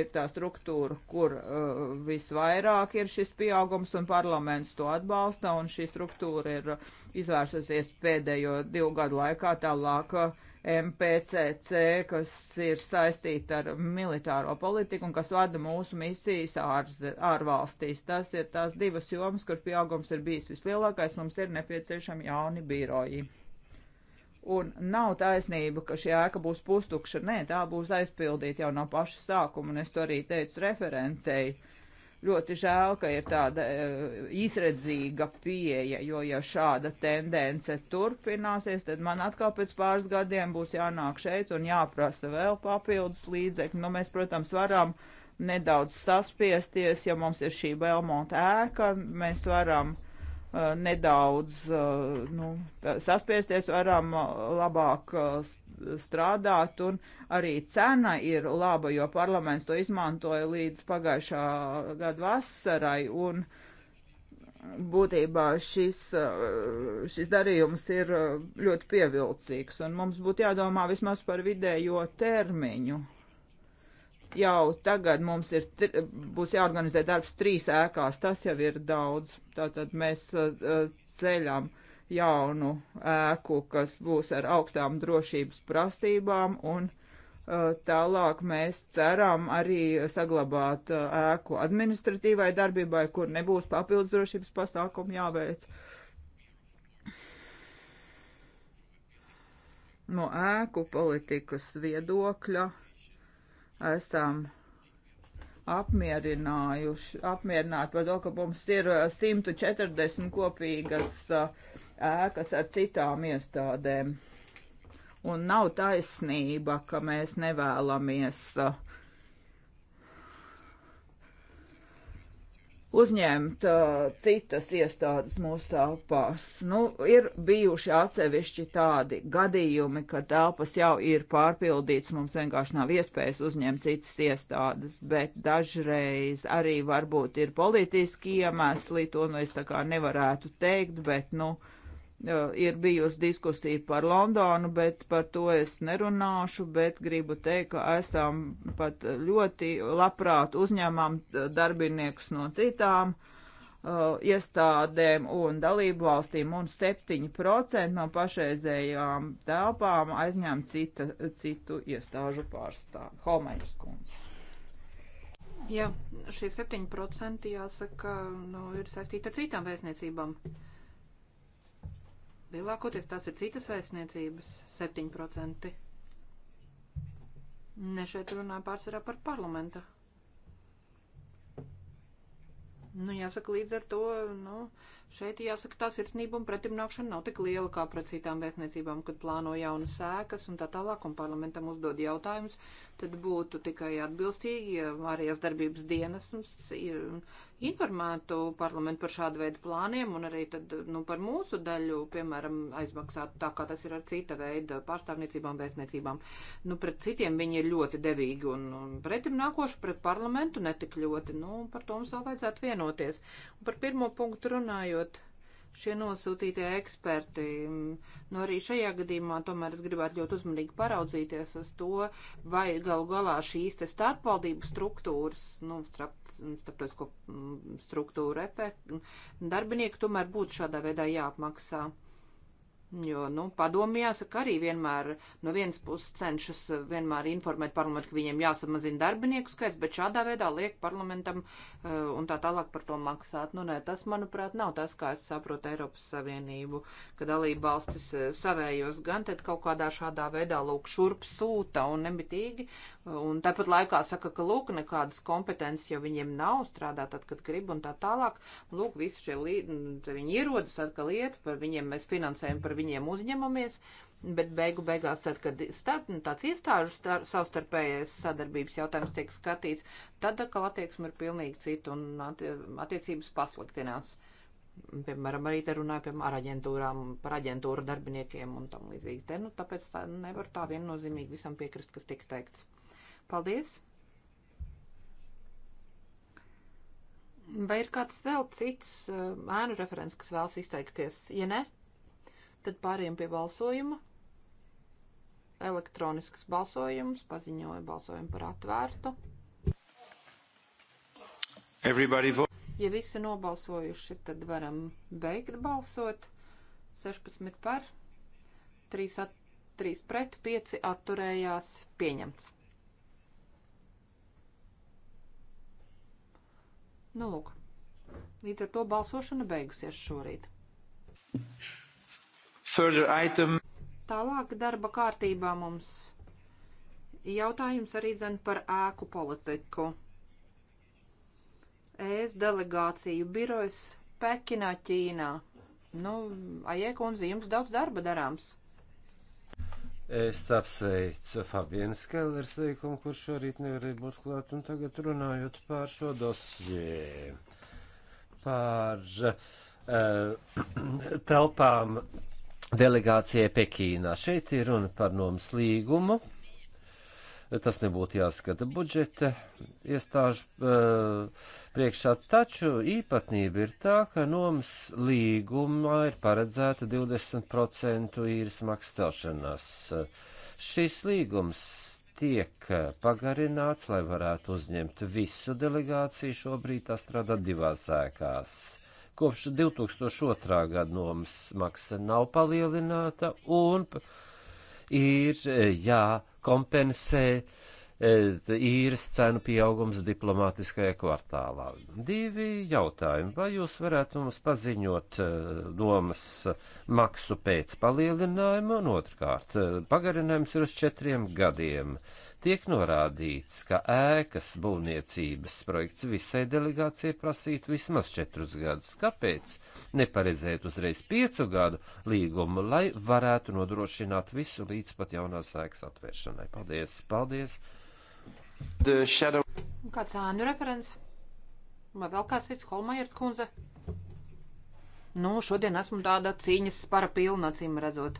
ir tā struktūra, kur uh, visvairāk ir šis pieaugums un parlaments to atbalsta un šī struktūra ir uh, izvērsusies pēdējo divu gadu laikā tālāk. Uh, MPCC, kas ir saistīta ar militāro politiku un kas vada mūsu misijas ārz, ārvalstīs. Tas ir tās divas jomas, kur pieaugums ir bijis vislielākais, mums ir nepieciešami jauni biroji. Un nav taisnība, ka šī ēka būs pustukša. Nē, tā būs aizpildīta jau no paša sākuma, un es to arī teicu referentei. Uh, Ļoti žēl, ka ir tāda eh, izredzīga pieeja, jo ja šāda tendence turpināsies, tad man atkal pēc pāris gadiem būs jānāk šeit un jāprasa vēl papildus līdzekļi. Nu, mēs, protams, varam nedaudz saspiesties, ja mums ir šī Belmonta ēka, mēs varam uh, Uh, nedaudz uh, nu, saspiesties, varam uh, labāk strādāt, un arī cena ir laba, jo parlaments to izmantoja līdz pagājušā gada vasarai, un būtībā šis, šis darījums ir ļoti pievilcīgs, un mums būtu jādomā vismaz par vidējo termiņu jau tagad mums ir, būs jāorganizē darbs trīs ēkās, tas jau ir daudz. Tātad mēs uh, uh, ceļam jaunu ēku, kas būs ar augstām drošības prasībām, un uh, tālāk mēs ceram arī saglabāt uh, ēku administratīvai darbībai, kur nebūs papildus drošības pasākumu jāveic. No ēku politikas viedokļa esam apmierinājuši, apmierināti par to, ka mums ir 140 uh, kopīgas uh, ēkas ar citām iestādēm. Un nav taisnība, ka mēs nevēlamies uh, uzņemt uh, citas iestādes mūsu telpās. Nu, ir bijuši atsevišķi tādi gadījumi, ka telpas jau ir pārpildīts, mums vienkārši nav iespējas uzņemt citas iestādes, bet dažreiz arī varbūt ir politiski iemesli, to nu es tā kā nevarētu teikt, bet, nu, uh, Eh, ir bijusi diskusija par Londonu, bet par to es nerunāšu, bet gribu teikt, ka esam pat ļoti labprāt uzņemam darbiniekus no citām uh, iestādēm un dalību valstīm, un 7% no pašreizējām telpām aizņem cita, citu iestāžu pārstāvu. Holmeiras kundze. Jā, šie 7% jāsaka, nu, ir saistīti ar citām vēstniecībām. Uh, Lielākoties tās ir citas vēstniecības - 7%. Ne šeit runāja pārsvarā par parlamenta. Nu, jāsaka, līdz ar to, nu, Šeit jāsaka, tā sirdsnība un pretimnākšana nav tik liela kā pret citām vēstniecībām, kad plāno jaunas sēkas un tā tālāk, un parlamentam uzdod jautājumus, tad būtu tikai atbilstīgi, ja ārējās darbības dienas informētu parlamentu par šādu veidu plāniem un arī tad, nu, par mūsu daļu, piemēram, aizmaksātu tā, kā tas ir ar cita veida pārstāvniecībām, vēstniecībām. Nu, pret citiem viņi ir ļoti devīgi un, un pretim nākoši pret parlamentu netik ļoti. Nu, par to mums vēl vajadzētu vienoties. Un par pirmo punktu runājot izmantot šie nosūtītie eksperti. Mm, nu, arī šajā gadījumā tomēr es gribētu ļoti uzmanīgi paraudzīties uz to, vai galu galā šīs te starpvaldību struktūras, nu, starptautisko mm, struktūru efektu, darbinieki tomēr būtu šādā veidā jāapmaksā. Jo, nu, padomi jāsaka arī vienmēr, no vienas puses cenšas vienmēr informēt parlamentu, ka viņiem jāsamazina darbinieku skaits, bet šādā veidā liek parlamentam uh, un tā tālāk par to maksāt. Nu, nē, tas, manuprāt, nav tas, kā es saprotu Eiropas Savienību, ka dalība valstis eh, savējos gan tad kaut kādā šādā veidā lūk šurp sūta un nemitīgi Un tāpat laikā saka, ka lūk, nekādas kompetences jau viņiem nav strādāt, tad, kad grib un tā tālāk. Lūk, visi šie līdzekļi, nu, viņi ierodas atkal lietu, par viņiem mēs finansējam, par viņiem uzņemamies. Bet beigu beigās, tad, kad starp, nu, tāds iestāžu star, savstarpējais sadarbības jautājums tiek skatīts, tad atkal attieksme ir pilnīgi cita un attiecības pasliktinās. Piemēram, arī te runāja piemēram, ar aģentūrām, par aģentūru darbiniekiem un tam līdzīgi. Te, nu, tāpēc tā nevar tā viennozīmīgi visam piekrist, kas tika teikts. Paldies! Vai ir kāds vēl cits eh, ēnu referents, kas vēlas izteikties? Ja ne, tad pāriem pie balsojuma. Elektronisks balsojums paziņoja balsojumu par atvērtu. Ja visi nobalsojuši, tad varam beigt balsot. 16 par, 3, at, 3 pret, 5 atturējās pieņemts. Nu, lūk. Līdz ar to balsošana beigusies šorīt. Tālāk darba kārtībā mums jautājums arī dzen par ēku politiku. ES delegāciju birojas Pekinā, Ķīnā. Nu, Aiekundze, jums daudz darba darāms. Es apsveicu Fabienu Skellers veikumu, kurš šorīt nevarēja būt klāt, un tagad runājot pār šo dosjē, pār uh, telpām delegācijai Pekīnā. Šeit ir runa par nomas līgumu, tas nebūtu jāskata budžeta iestāžu uh, priekšā. Taču īpatnība ir tā, ka nomas līgumā ir paredzēta 20% īres maksas celšanās. Šis līgums tiek pagarināts, lai varētu uzņemt visu delegāciju. Šobrīd tā strādā divās ēkās. Kopš 2002. gada nomas maksa nav palielināta un ir eh, jā. Ja, kompensē e, īres cenu pieaugums diplomātiskajā kvartālā. Divi jautājumi. Vai jūs varētu mums paziņot e, domas maksu pēc palielinājuma? Un otrkārt, e, pagarinājums ir uz četriem gadiem tiek norādīts, ka ēkas būvniecības projekts visai delegācijai prasītu vismaz četrus gadus. Kāpēc neparedzēt uzreiz piecu gadu līgumu, lai varētu nodrošināt visu līdz pat jaunās ēkas atvēršanai? Paldies! Paldies! Shadow... Kāds ēnu referents? Vai vēl kāds cits Holmajers kundze? Nu, šodien esmu tāda cīņas spara pilnācīm redzot.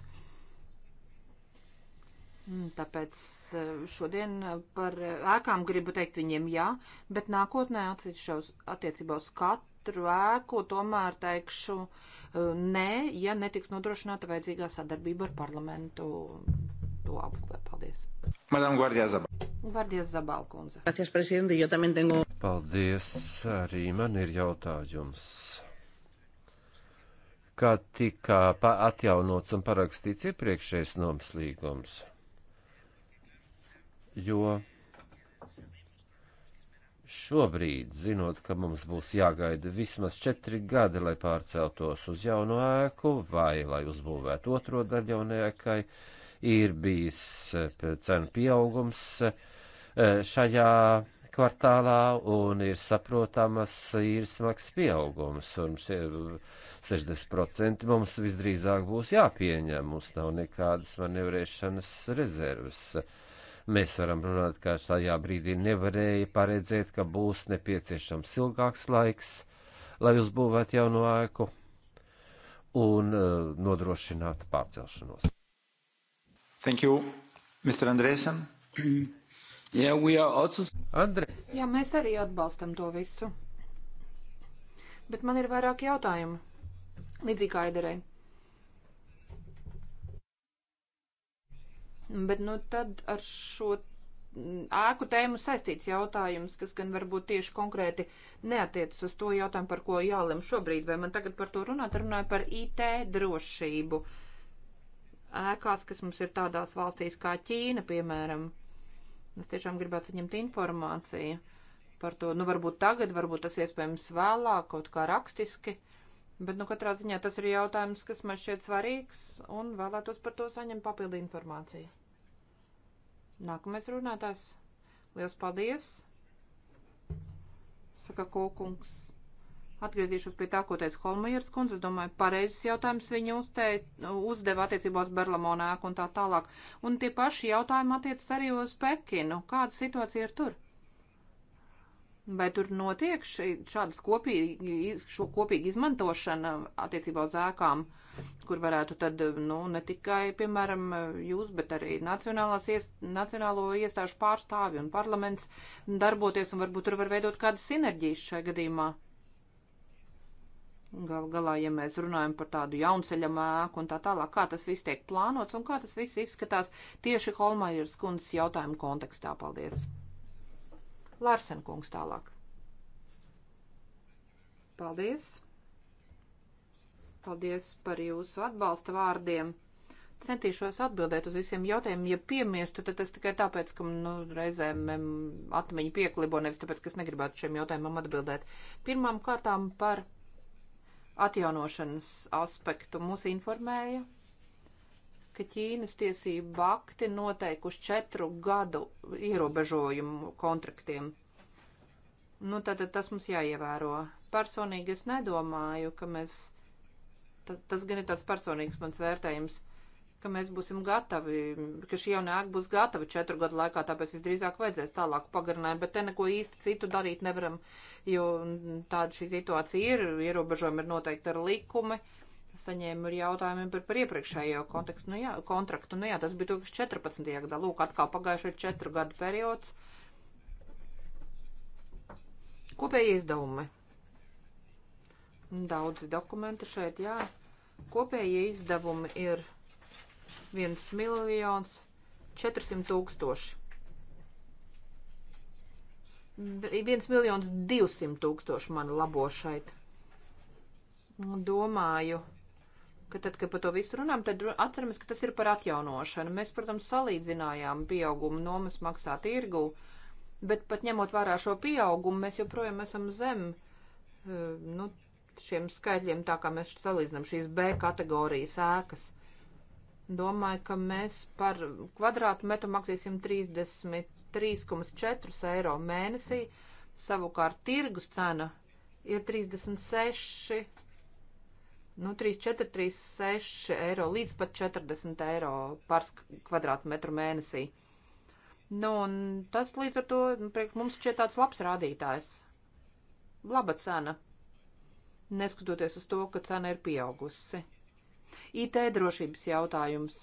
Mm, tāpēc eh, šodien eh, par eh, ēkām gribu teikt viņiem jā, bet nākotnē attiecībā uz katru ēku tomēr teikšu nē, ja netiks nodrošināta vajadzīgā sadarbība ar parlamentu. To apkopē. Paldies. Madam Guardia Zabal. Guardia Zabal kundze. Paldies, prezidenti, jo tamien tengo. Paldies, arī man ir jautājums kā tika atjaunots un parakstīts iepriekšējais nomas līgums jo šobrīd, zinot, ka mums būs jāgaida vismaz četri gadi, lai pārceltos uz jaunu ēku vai lai uzbūvētu otro daļu jaunai ēkai, ir bijis eh, cenu pieaugums eh, šajā kvartālā un ir saprotamas īres maksas pieaugums, un šie 60% eh, mums visdrīzāk būs jāpieņem, mums nav nekādas manevrēšanas rezerves. Uh, Mēs varam runāt, ka šajā brīdī nevarēja paredzēt, ka būs nepieciešams ilgāks laiks, lai uzbūvētu jaunu ēku un uh, nodrošinātu pārcelšanos. Thank you, Mr. Andrēsen. Yeah, also... Andre. Jā, mēs arī atbalstam to visu. Bet man ir vairāk jautājumu. Līdzīgi kā Aidarei. Bet nu, tad ar šo mm, ēku tēmu saistīts jautājums, kas gan varbūt tieši konkrēti neatiecas uz to jautājumu, par ko jālem šobrīd, vai man tagad par to runāt, runāju par IT drošību. Ēkās, kas mums ir tādās valstīs kā Ķīna, piemēram. Es tiešām gribētu saņemt informāciju par to. Nu, varbūt tagad, varbūt tas iespējams vēlāk, kaut kā rakstiski. Bet, nu, katrā ziņā tas ir jautājums, kas man šķiet svarīgs un vēlētos par to saņemt papildu informāciju. Nākamais runātājs. Liels paldies! Saka Kokungs. Atgriezīšos pie tā, ko teica Holmajers kundze. Es domāju, pareizus jautājumus viņa uzte, uzdeva attiecībā uz Berlamonāku un tā tālāk. Un tie paši jautājumi attiecas arī uz Pekinu. Kāda situācija ir tur? Vai tur notiek šī, šādas kopīgi, šo kopīgi izmantošana attiecībā uz ēkām? Uh, kur varētu tad, nu, ne tikai, piemēram, jūs, bet arī nacionālās iest, nacionālo iestāžu pārstāvi un parlaments darboties, un varbūt tur var veidot kādas sinerģijas šai gadījumā. Gal galā, ja mēs runājam par tādu jaunceļa mēku un tā tālāk, kā tas viss tiek plānots un kā tas viss izskatās tieši Holmajeras kundzes jautājumu kontekstā. Paldies! Larsen kungs tālāk. Paldies! Paldies par jūsu atbalsta vārdiem. Centīšos atbildēt uz visiem jautājumiem. Ja piemirstu, tad tas tikai tāpēc, ka nu, reizēm atmiņa pieklibo, nevis tāpēc, ka es negribētu šiem jautājumam atbildēt. Pirmām kārtām par atjaunošanas aspektu mūs informēja, ka Ķīnas tiesība akti noteikuši četru gadu ierobežojumu kontraktiem. Nu, tātad tas mums jāievēro. Personīgi es nedomāju, ka mēs Tas, tas gan ir tāds personīgs mans vērtējums, ka mēs būsim gatavi, ka šī jaunā ēka būs gatava četru gadu laikā, tāpēc visdrīzāk vajadzēs tālāku pagarinājumu, bet te neko īsti citu darīt nevaram, jo tāda šī situācija ir, ierobežojumi ir noteikti ar likumi saņēmu ar jautājumiem par, par iepriekšējo kontekstu, nu jā, kontraktu. Nu jā, tas bija 2014. gadā. Lūk, atkal pagājušo četru gadu periods. Kopēji izdevumi Daudz dokumentu šeit, jā. Kopējie izdevumi ir 1 miljons 400 tūkstoši. 1 miljons 200 tūkstoši man labo šeit. Domāju, ka tad, kad par to visu runām, tad atceramies, ka tas ir par atjaunošanu. Mēs, protams, salīdzinājām pieaugumu nomas maksā tirgu, bet pat ņemot vērā šo pieaugumu, mēs joprojām esam zem, eh, nu, šiem skaitļiem, tā kā mēs salīdzinām šīs B kategorijas ēkas. Domāju, ka mēs par kvadrātu metu maksīsim 33,4 eiro mēnesī, savukārt tirgus cena ir 36, nu 34, 36 eiro līdz pat 40 eiro par kvadrātu metru mēnesī. Nu, un tas līdz ar to, nu, priek, mums šķiet tāds labs rādītājs. Laba cena neskatoties uz to, ka cena ir pieaugusi. IT drošības jautājums.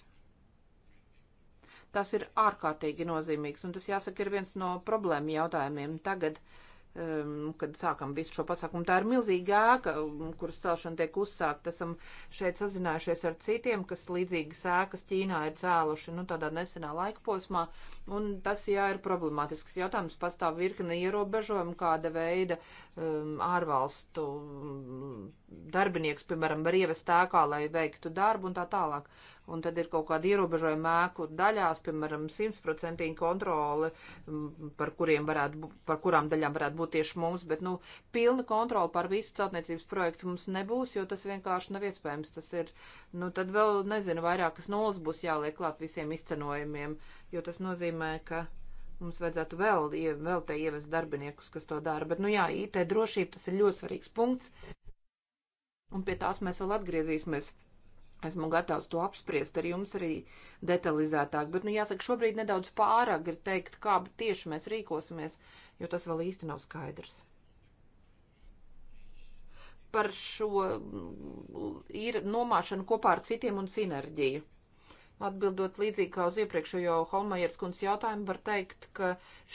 Tas ir ārkārtīgi nozīmīgs, un tas jāsaka ir viens no problēma jautājumiem tagad. Uh, um, kad sākam visu šo pasākumu. Tā ir milzīga ēka, kuras celšana tiek uzsākta. Esam šeit sazinājušies ar citiem, kas līdzīgas ēkas Ķīnā ir cēluši, nu, tādā nesenā laika posmā, un tas, jā, ir problemātisks jautājums. Pastāv virkne ierobežojumu kāda veida um, ārvalstu um, darbinieks, piemēram, var ievest ēkā, lai veiktu darbu un tā tālāk. Un tad ir kaut kāda ierobežojuma ēku daļās, piemēram, simtprocentīga kontrole, par, varētu, par kurām daļām varētu būt tieši mums, bet, nu, pilna kontrole par visu celtniecības projektu mums nebūs, jo tas vienkārši nav iespējams. Tas ir, nu, tad vēl, nezinu, vairākas nulles būs jāliek klāt visiem izcenojumiem, jo tas nozīmē, ka mums vajadzētu vēl, vēl te ievest darbiniekus, kas to dara. Bet, nu jā, IT drošība tas ir ļoti svarīgs punkts. Un pie tās mēs vēl atgriezīsimies. Esmu gatavs to apspriest ar jums arī detalizētāk, bet, nu, jāsaka, šobrīd nedaudz pārāk ir teikt, kā tieši mēs rīkosimies, jo tas vēl īsti nav skaidrs. Par šo mm, ir nomāšanu kopā ar citiem un sinerģiju. Atbildot līdzīgi kā uz iepriekšējo Holmajeras kundzes jautājumu, var teikt, ka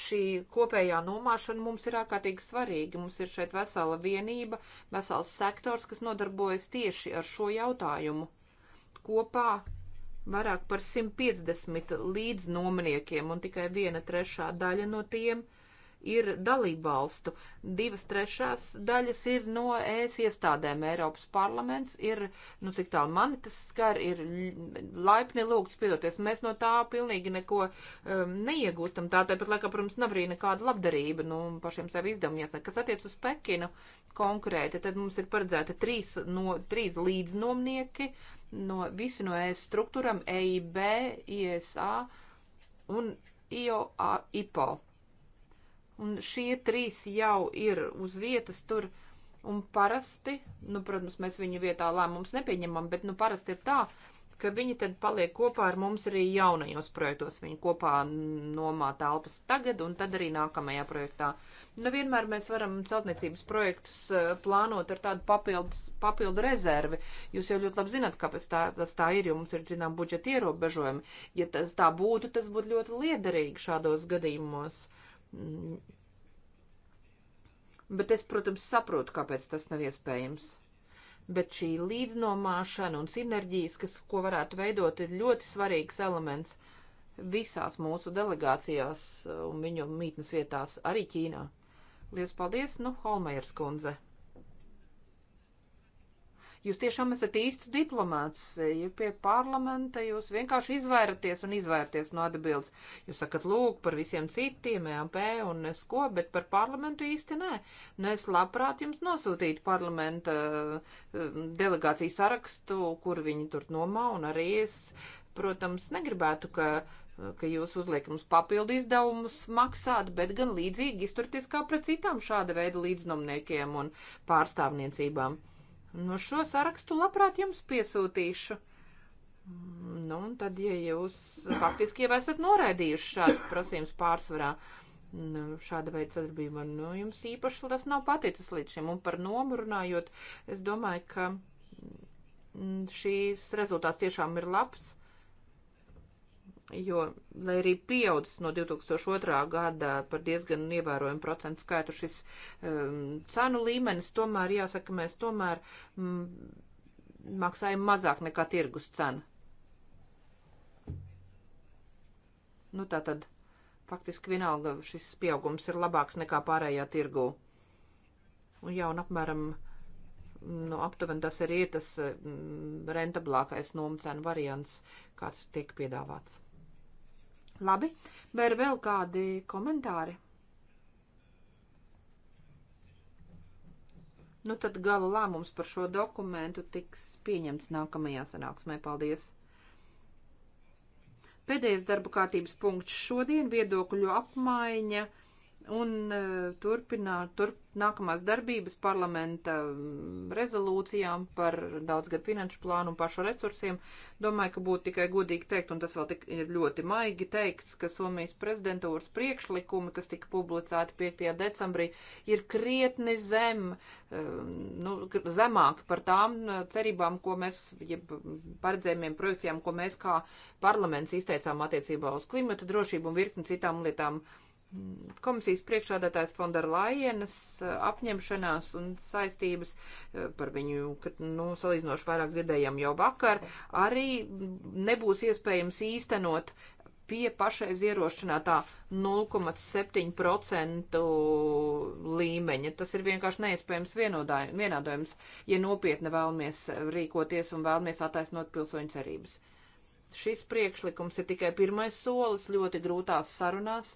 šī kopējā nomāšana mums ir ārkārtīgi svarīga. Mums ir šeit vesela vienība, vesels sektors, kas nodarbojas tieši ar šo jautājumu. Kopā vairāk par 150 līdznominiekiem un tikai viena trešā daļa no tiem ir dalībvalstu, divas trešās daļas ir no ES iestādēm. Eiropas parlaments ir, nu cik tālu mani tas skar, ir laipni lūgts piedoties. Mēs no tā pilnīgi neko um, neiegūstam. Tā tāpat laikā, protams, nav arī nekāda labdarība, nu, pašiem sev izdevumi jāsaka. Kas attiec uz Pekinu konkrēti, tad mums ir paredzēta trīs, no, trīs līdznomnieki, no, visi no ES struktūram, EIB, ISA un IOA, IPO Un šie trīs jau ir uz vietas tur. Un parasti, nu, protams, mēs viņu vietā lēmumus nepieņemam, bet, nu, parasti ir tā, ka viņi tad paliek kopā ar mums arī jaunajos projektos. Viņi kopā nomā telpas tagad un tad arī nākamajā projektā. Nu, vienmēr mēs varam celtniecības projektus eh, plānot ar tādu papildus, papildu rezervi. Jūs jau ļoti labi zināt, kāpēc tā, tas tā ir, jo mums ir, zinām, budžeta ierobežojumi. Ja tas tā būtu, tas būtu ļoti liederīgi šādos gadījumos. Uh, Mm. Bet es, protams, saprotu, kāpēc tas nav iespējams. Bet šī līdznomāšana un sinerģijas, kas, ko varētu veidot, ir ļoti svarīgs elements visās mūsu delegācijās un viņu mītnes vietās, arī Ķīnā. Lielas paldies, nu, Holmajers kundze! Jūs tiešām esat īsts diplomāts. Ja pie parlamenta jūs vienkārši izvairāties un izvairāties no atbildes. Jūs sakat, lūk, par visiem citiem, EMP un nesko, bet par parlamentu īsti nē. Nu, es labprāt jums nosūtītu parlamenta eh, delegāciju sarakstu, kur viņi tur nomā, un arī es, protams, negribētu, ka ka jūs uzliekat mums papildu izdevumus maksāt, bet gan līdzīgi izturties kā pret citām šāda veida līdznomniekiem un pārstāvniecībām. Nu, šo sarakstu labprāt jums piesūtīšu. Nu, un tad, ja jūs faktiski jau esat noraidījuši šādus prasījumus pārsvarā, nu, šāda veida sadarbība, nu, jums īpaši tas nav paticis līdz šim. Un par nomurunājot, es domāju, ka mm, šīs rezultāts tiešām ir labs jo, lai arī pieaudzis no 2002. gada par diezgan ievērojumu procentu skaitu šis um, cenu līmenis, tomēr jāsaka, mēs tomēr mm, maksājam mazāk nekā tirgus cena. Nu, tā tad faktiski vienalga šis pieaugums ir labāks nekā pārējā tirgū. Un jā, un apmēram nu, aptuveni tas arī ir tas mm, rentablākais nomu cenu variants, kāds tiek piedāvāts. Labi, vai ir vēl kādi komentāri? Nu, tad gala lēmums par šo dokumentu tiks pieņemts nākamajā sanāksmē. Paldies! Pēdējais darba kārtības punkts šodien - viedokļu apmaiņa un e, turpināt turp, nākamās darbības parlamenta mm, rezolūcijām par daudzgad finanšu plānu un pašu resursiem. Domāju, ka būtu tikai godīgi teikt, un tas vēl tik ir ļoti maigi teikts, ka Somijas prezidentūras priekšlikumi, kas tika publicēti 5. decembrī, ir krietni zem, e, nu, zemāki par tām e, cerībām, ko mēs, jeb paredzējumiem projekcijām, ko mēs kā parlaments izteicām attiecībā uz klimatu drošību un virkni citām lietām. Uh, komisijas priekšādātājs Fondera Lajenas eh, apņemšanās un saistības, eh, par viņu, kad, nu, salīdzinoši vairāk dzirdējām jau vakar, arī nebūs iespējams īstenot pie pašreiz ierošanātā 0,7% līmeņa. Tas ir vienkārši neiespējams vienādojums, ja nopietni vēlamies rīkoties un vēlamies attaisnot pilsoņu cerības. Šis priekšlikums ir tikai pirmais solis ļoti grūtās sarunās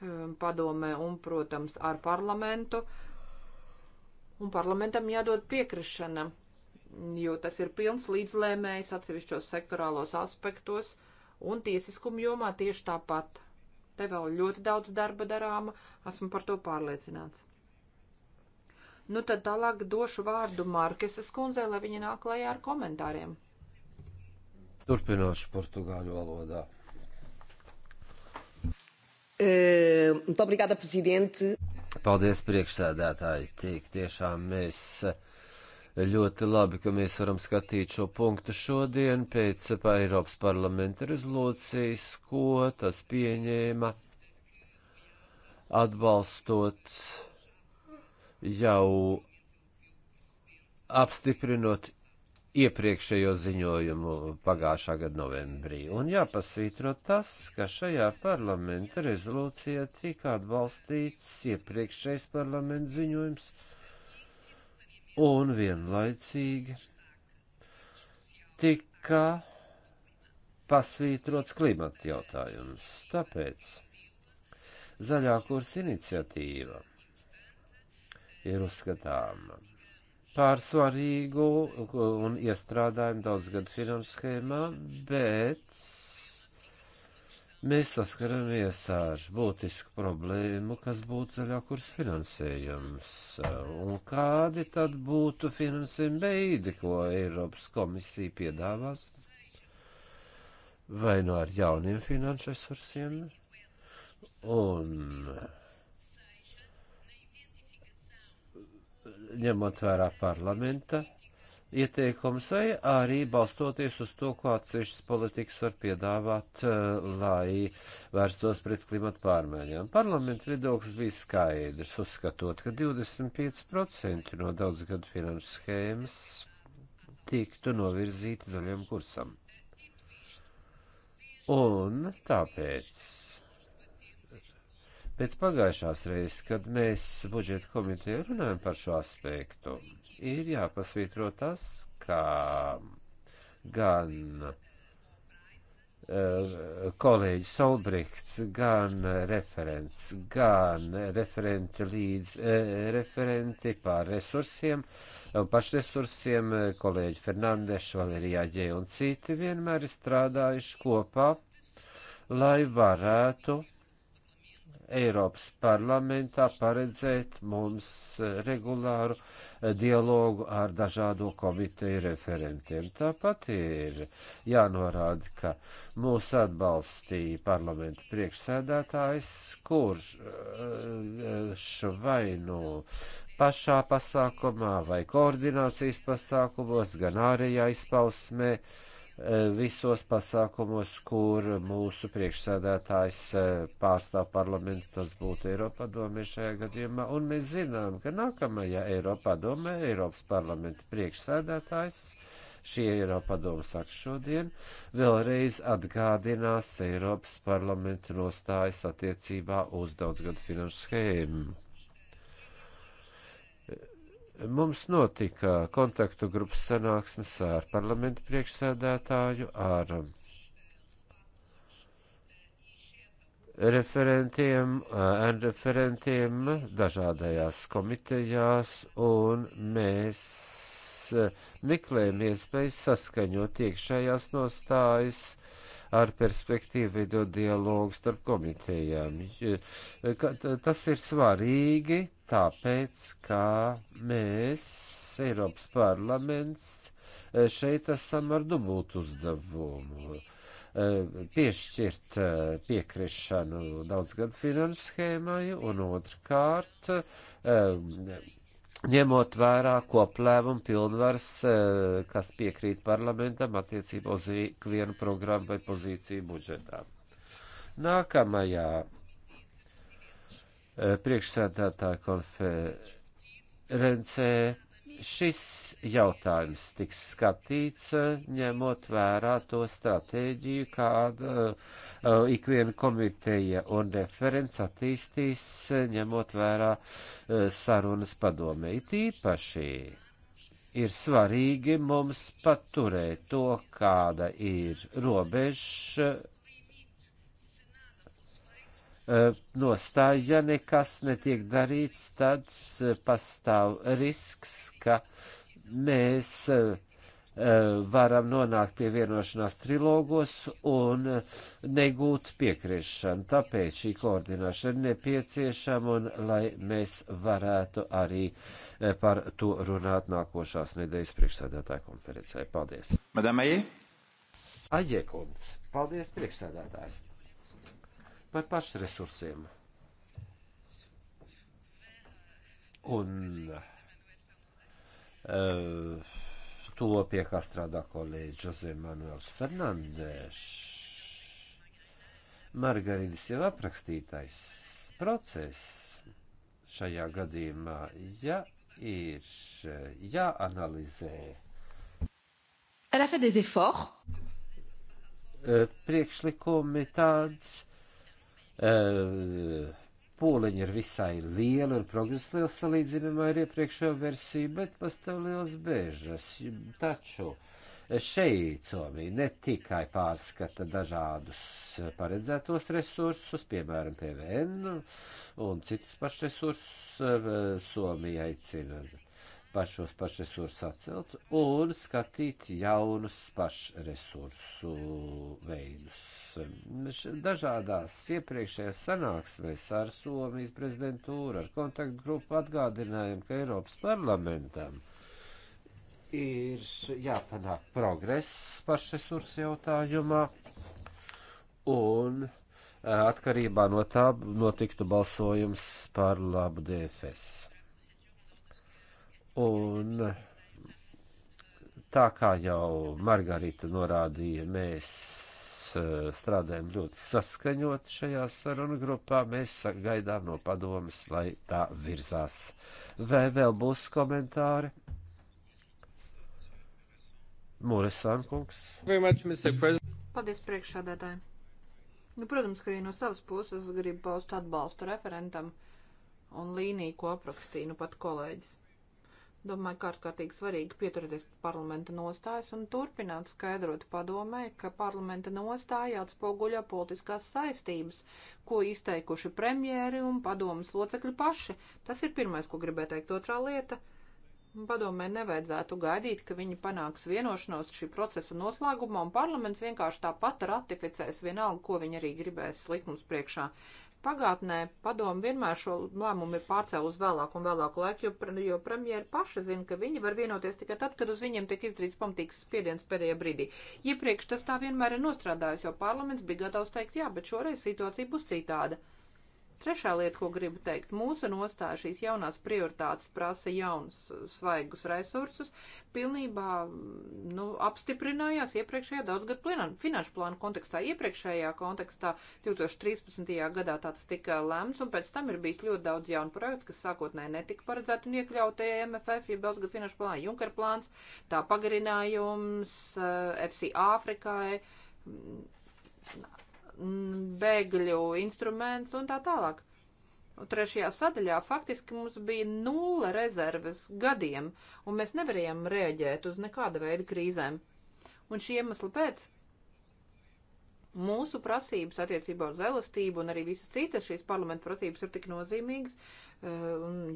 Um, padomē un, protams, ar parlamentu. Un parlamentam jādod piekrišana, jo tas ir pilns līdzlēmējs atsevišķos sektorālos aspektos un tiesiskumu jomā tieši tāpat. Te vēl ļoti daudz darba darāma, esmu par to pārliecināts. Nu tad tālāk došu vārdu Markeses kundzei, lai viņa nāk klajā ar komentāriem. Turpināšu portugāļu valodā. Eh, muito obrigada, prezidente. Paldies, priekšsēdētāji. Tik tiešām mēs eh, ļoti labi, ka mēs varam skatīt šo punktu šodien pēc eh, Eiropas parlamenta rezolūcijas, ko tas pieņēma atbalstot jau apstiprinot iepriekšējo ziņojumu pagājušā gada novembrī. Un jāpasvītro tas, ka šajā parlamenta rezolūcijā tika atbalstīts iepriekšējais parlamenta ziņojums un vienlaicīgi tika pasvītrots klimata jautājums. Tāpēc zaļā kursa iniciatīva ir uzskatāma par svarīgu un iestrādājumu daudzgadu finanšu schēmā, bet mēs saskaramies ar būtisku problēmu, kas būtu zaļā kursa finansējums. Un kādi tad būtu finansējuma veidi, ko Eiropas komisija piedāvās? Vai nu no ar jauniem finanšu resursiem? Un ņemot vērā parlamenta ieteikums, vai arī balstoties uz to, ko atsevišķas politikas var piedāvāt, eh, lai vērstos pret klimatu pārmaiņām. Parlamenta viedoklis bija skaidrs, uzskatot, ka 25% no daudzgadu finanšu schēmas tiktu novirzīti zaļiem kursam. Un tāpēc Pēc pagājušās reizes, kad mēs budžeta komiteja runājam par šo aspektu, ir jāpasvītro tas, ka gan uh, kolēģis Solbrikts, gan referents, gan referenti līdz uh, referenti pār resursiem un eh, pašresursiem, kolēģi Fernandeša, Valerijā Ģē un citi vienmēr ir strādājuši kopā, lai varētu uh, Eiropas parlamentā paredzēt mums eh, regulāru eh, dialogu ar dažādo komiteju referentiem. Tāpat ir jānorāda, ka mūs atbalstīja parlamenta priekšsēdētājs, kurš eh, vai nu pašā pasākumā vai koordinācijas pasākumos, gan ārējā izpausmē, uh, Eh, visos pasākumos, kur mūsu priekšsēdētājs eh, pārstāv parlamentu, tas būtu Eiropadomē šajā gadījumā, un mēs zinām, ka nākamajā Eiropadomē Eiropas parlamenta priekšsēdētājs šī Eiropadoma saka šodien, vēlreiz atgādinās Eiropas parlamenta nostājas attiecībā uz daudzgadu finanšu schēmu. Mums notika kontaktu grupas sanāksmes ar parlamentu priekšsēdētāju, ar referentiem, ar referentiem dažādajās komitejās, un mēs meklējam iespējas saskaņot iekšējās nostājas ar perspektīvu veidot dialogu starp komitejām. Tas ir svarīgi tāpēc, ka mēs, Eiropas parlaments, e, šeit esam ar dubultu uzdevumu e, piešķirt e, piekrišanu daudzgadu finanšu schēmai un otrkārt ņemot vērā koplēmumu pilnvars, kas piekrīt parlamentam attiecībā uz ikvienu programmu vai pozīciju budžetā. Nākamajā priekšsēdētāja konferencē šis jautājums tiks skatīts, ņemot vērā to stratēģiju, kāda uh, uh, ikviena komiteja un referents attīstīs, ņemot vērā uh, sarunas padomē. It īpaši ir svarīgi mums paturēt to, kāda ir robeža Eh, nostāja, ja nekas netiek darīts, tad eh, pastāv risks, ka mēs eh, varam nonākt pie vienošanās trilogos un negūt piekriešanu. Tāpēc šī koordināšana ir nepieciešama un lai mēs varētu arī par to runāt nākošās nedēļas priekšsēdētāju konferencē. Paldies! Madame Aie! Aie kundz! Paldies priekšsēdētāji! par pašresursiem. Un uh, to pie kā strādā kolēģis Jose Manuels Fernandes. Margarīdas jau aprakstītais process šajā gadījumā, ja ir eh, jāanalizē. Ja eh, Priekšlikumi tāds Eh, pūliņi ir visai lieli un progress liels salīdzinājumā ar iepriekšējo versiju, bet pastāv liels bēžas. Taču eh, šeit Somija ne tikai pārskata dažādus eh, paredzētos resursus, piemēram, PVN un citus pašresursus, Somija aicina pašos pašresursus atcelt un skatīt jaunus pašresursu veidus. Dažādās iepriekšējās sanāksmēs ar Somijas prezidentūru, ar kontaktgrupu atgādinājām, ka Eiropas parlamentam ir jāpanāk progress pašresursu jautājumā un atkarībā no tā notiktu balsojums par labu DFS Un tā kā jau Margarita norādīja, mēs eh, strādājam ļoti saskaņot šajā sarunu grupā. Mēs gaidām no padomas, lai tā virzās. Vai vēl būs komentāri? Mūresāna kungs. Paldies priekšādātājiem. Nu, protams, ka arī no savas puses gribu paust atbalstu referentam un līniju, ko aprakstīja nu pat kolēģis. Domāju, ka ārkārtīgi svarīgi pieturēties pie parlamenta nostājas un turpināt skaidrot padomē, ka parlamenta nostāja atspoguļo politiskās saistības, ko izteikuši premjeri un padomas locekļi paši. Tas ir pirmais, ko gribēju teikt. Otrā lieta - padomē nevajadzētu gaidīt, ka viņi panāks vienošanos šī procesa noslēgumā, un parlaments vienkārši tāpat ratificēs vienalga, ko viņi arī gribēs likt mums priekšā. Pagātnē padomu vienmēr šo lēmumu ir pārcēl uz vēlāku un vēlāku laiku, jo, jo premjeri paši zina, ka viņi var vienoties tikai tad, kad uz viņiem tiek izdarīts pamatīgs spiediens pēdējā brīdī. Iepriekš tas tā vienmēr ir nostrādājis, jo parlaments bija gatavs teikt jā, bet šoreiz situācija būs citāda. Uh, Trešā lieta, ko gribu teikt, mūsu nostāja šīs jaunās prioritātes prasa jaunus svaigus resursus, pilnībā nu, apstiprinājās iepriekšējā daudzgadu plēnā, finanšu plānu kontekstā. Iepriekšējā kontekstā 2013. gadā tā tas tika lēmts, un pēc tam ir bijis ļoti daudz jaunu projektu, kas sākotnēji netika paredzēti un iekļauti e MFF, ja daudzgadu finanšu plānā Junker plāns, tā pagarinājums, eh, FC Āfrikai eh, Mm, bēgļu instruments un tā tālāk. Un trešajā sadaļā faktiski mums bija nulle rezerves gadiem, un mēs nevarējām rēģēt uz nekāda veida krīzēm. Un šī iemesla pēc mūsu prasības attiecībā uz elastību un arī visas citas šīs parlamenta prasības ir tik nozīmīgas, eh,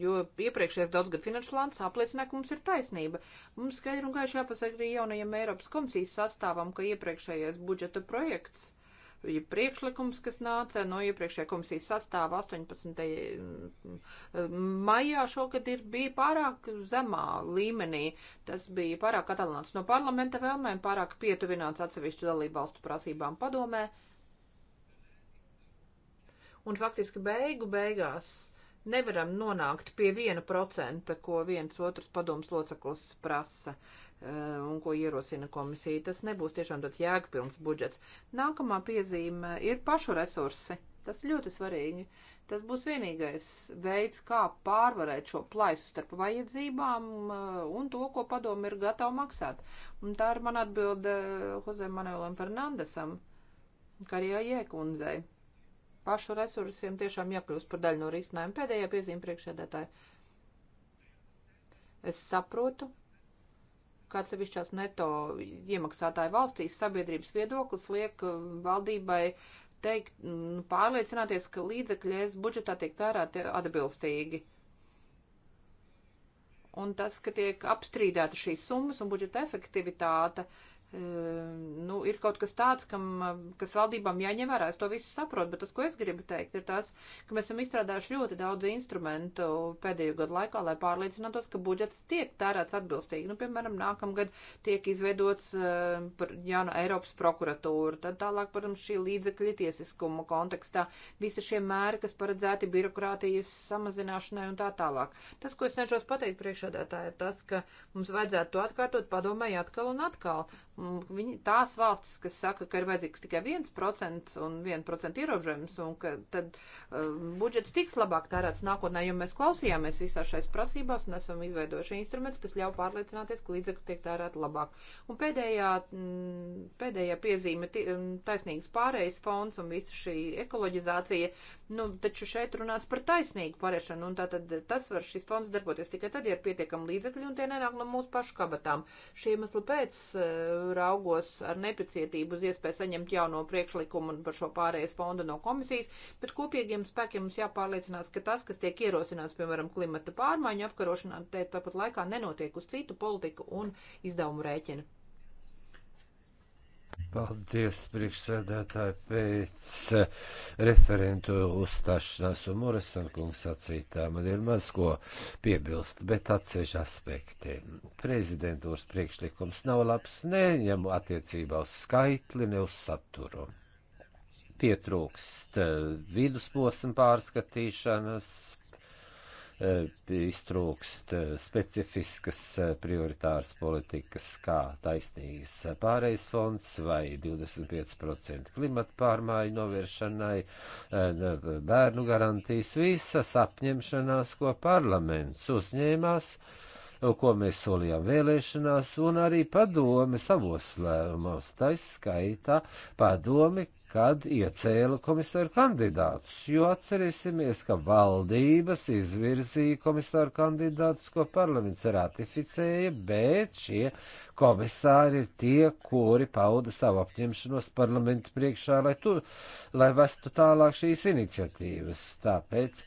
jo iepriekšējais daudzgad finanšu plāns apliecina, ka mums ir taisnība. Mums skaidri un gaiši jāpasaka arī jaunajam Eiropas komisijas sastāvam, ka iepriekšējais budžeta projekts ja priekšlikums, kas nāca no iepriekšējā komisijas sastāva 18. Mm, maijā šogad ir, bija pārāk zemā līmenī. Tas bija pārāk atalināts no parlamenta vēlmēm, pārāk pietuvināts atsevišķu dalību valstu prasībām padomē. Un faktiski beigu beigās nevaram nonākt pie viena procenta, ko viens otrs padoms loceklis prasa. Eh, un ko ierosina komisija. Tas nebūs tiešām tāds jēgpilns budžets. Nākamā piezīme ir pašu resursi. Tas ļoti svarīgi. Tas būs vienīgais veids, kā pārvarēt šo plaisu starp vajadzībām eh, un to, ko padomu ir gatava maksāt. Un tā ir man atbilde eh, Jose Manuelam Fernandesam, kā arī Jēkundzei. Pašu resursiem tiešām jākļūst par daļu no risinājuma. Pēdējā piezīme priekšēdētāja. Es saprotu, kā atsevišķās neto iemaksātāju valstīs sabiedrības viedoklis liek uh, valdībai teikt, mm, pārliecināties, ka līdzekļi es budžetā tiek tērēti atbilstīgi. Un tas, ka tiek apstrīdēta šīs summas un budžeta efektivitāte, uh, Ehm, nu, ir kaut kas tāds, kam, kas valdībām jāņem vērā. Es to visu saprotu, bet tas, ko es gribu teikt, ir tas, ka mēs esam izstrādājuši ļoti daudz instrumentu pēdējo gadu laikā, lai pārliecinātos, ka budžets tiek tērēts atbilstīgi. Nu, piemēram, nākamgad tiek izveidots uh, ehm, jauna Eiropas prokuratūra, tad tālāk, protams, šī līdzekļa tiesiskuma kontekstā, visi šie mēri, kas paredzēti birokrātijas samazināšanai un tā tālāk. Tas, ko es cenšos pateikt priekšādātā, ir tas, ka mums vajadzētu to atkārtot padomē atkal un atkal. Mm, viņi, tās valstis, kas saka, ka ir vajadzīgs tikai 1% un 1% ierobežojums, un ka tad uh, budžets tiks labāk tērēts nākotnē, jo mēs klausījāmies visā šais prasībās un esam izveidojuši instruments, kas ļauj pārliecināties, ka līdzekļi tiek tērēti labāk. Un pēdējā, m, mm, pēdējā piezīme mm, taisnīgas pārējas fonds un visa šī ekoloģizācija Nu, taču šeit runāts par taisnīgu pārēšanu, un tātad tas var šis fonds darboties tikai tad, ja ir pietiekami līdzekļi, un tie nenāk no mūsu pašu kabatām. Šī iemesla pēc eh, raugos ar nepacietību uz iespēju saņemt jauno priekšlikumu par šo pārējais fondu no komisijas, bet kopīgiem spēkiem mums jāpārliecinās, ka tas, kas tiek ierosināts, piemēram, klimata pārmaiņu apkarošanā, te tāpat laikā nenotiek uz citu politiku un izdevumu rēķina. Paldies, priekšsēdētāji, pēc eh, referentu uzstāšanās un Morrison kungs sacītā. Man ir maz ko piebilst, bet atsevišķi aspekti. Prezidentūras priekšlikums nav labs neņem attiecībā uz skaitli, ne uz saturu. Pietrūkst eh, vidusposma pārskatīšanas, Eh, iztrūkst eh, specifiskas eh, prioritāras politikas, kā taisnīgs pārejas fonds vai 25% klimata pārmaiņu novēršanai, bērnu garantijas, visas apņemšanās, ko parlaments uzņēmās ko mēs solījām vēlēšanās, un arī padome savos lēmumos, tā skaitā padome, kad iecēla komisāru kandidātus, jo atcerēsimies, ka valdības izvirzīja komisāru kandidātus, ko parlaments ratificēja, bet šie komisāri ir tie, kuri pauda savu apņemšanos parlamentu priekšā, lai, tu, lai vestu tālāk šīs iniciatīvas. Tāpēc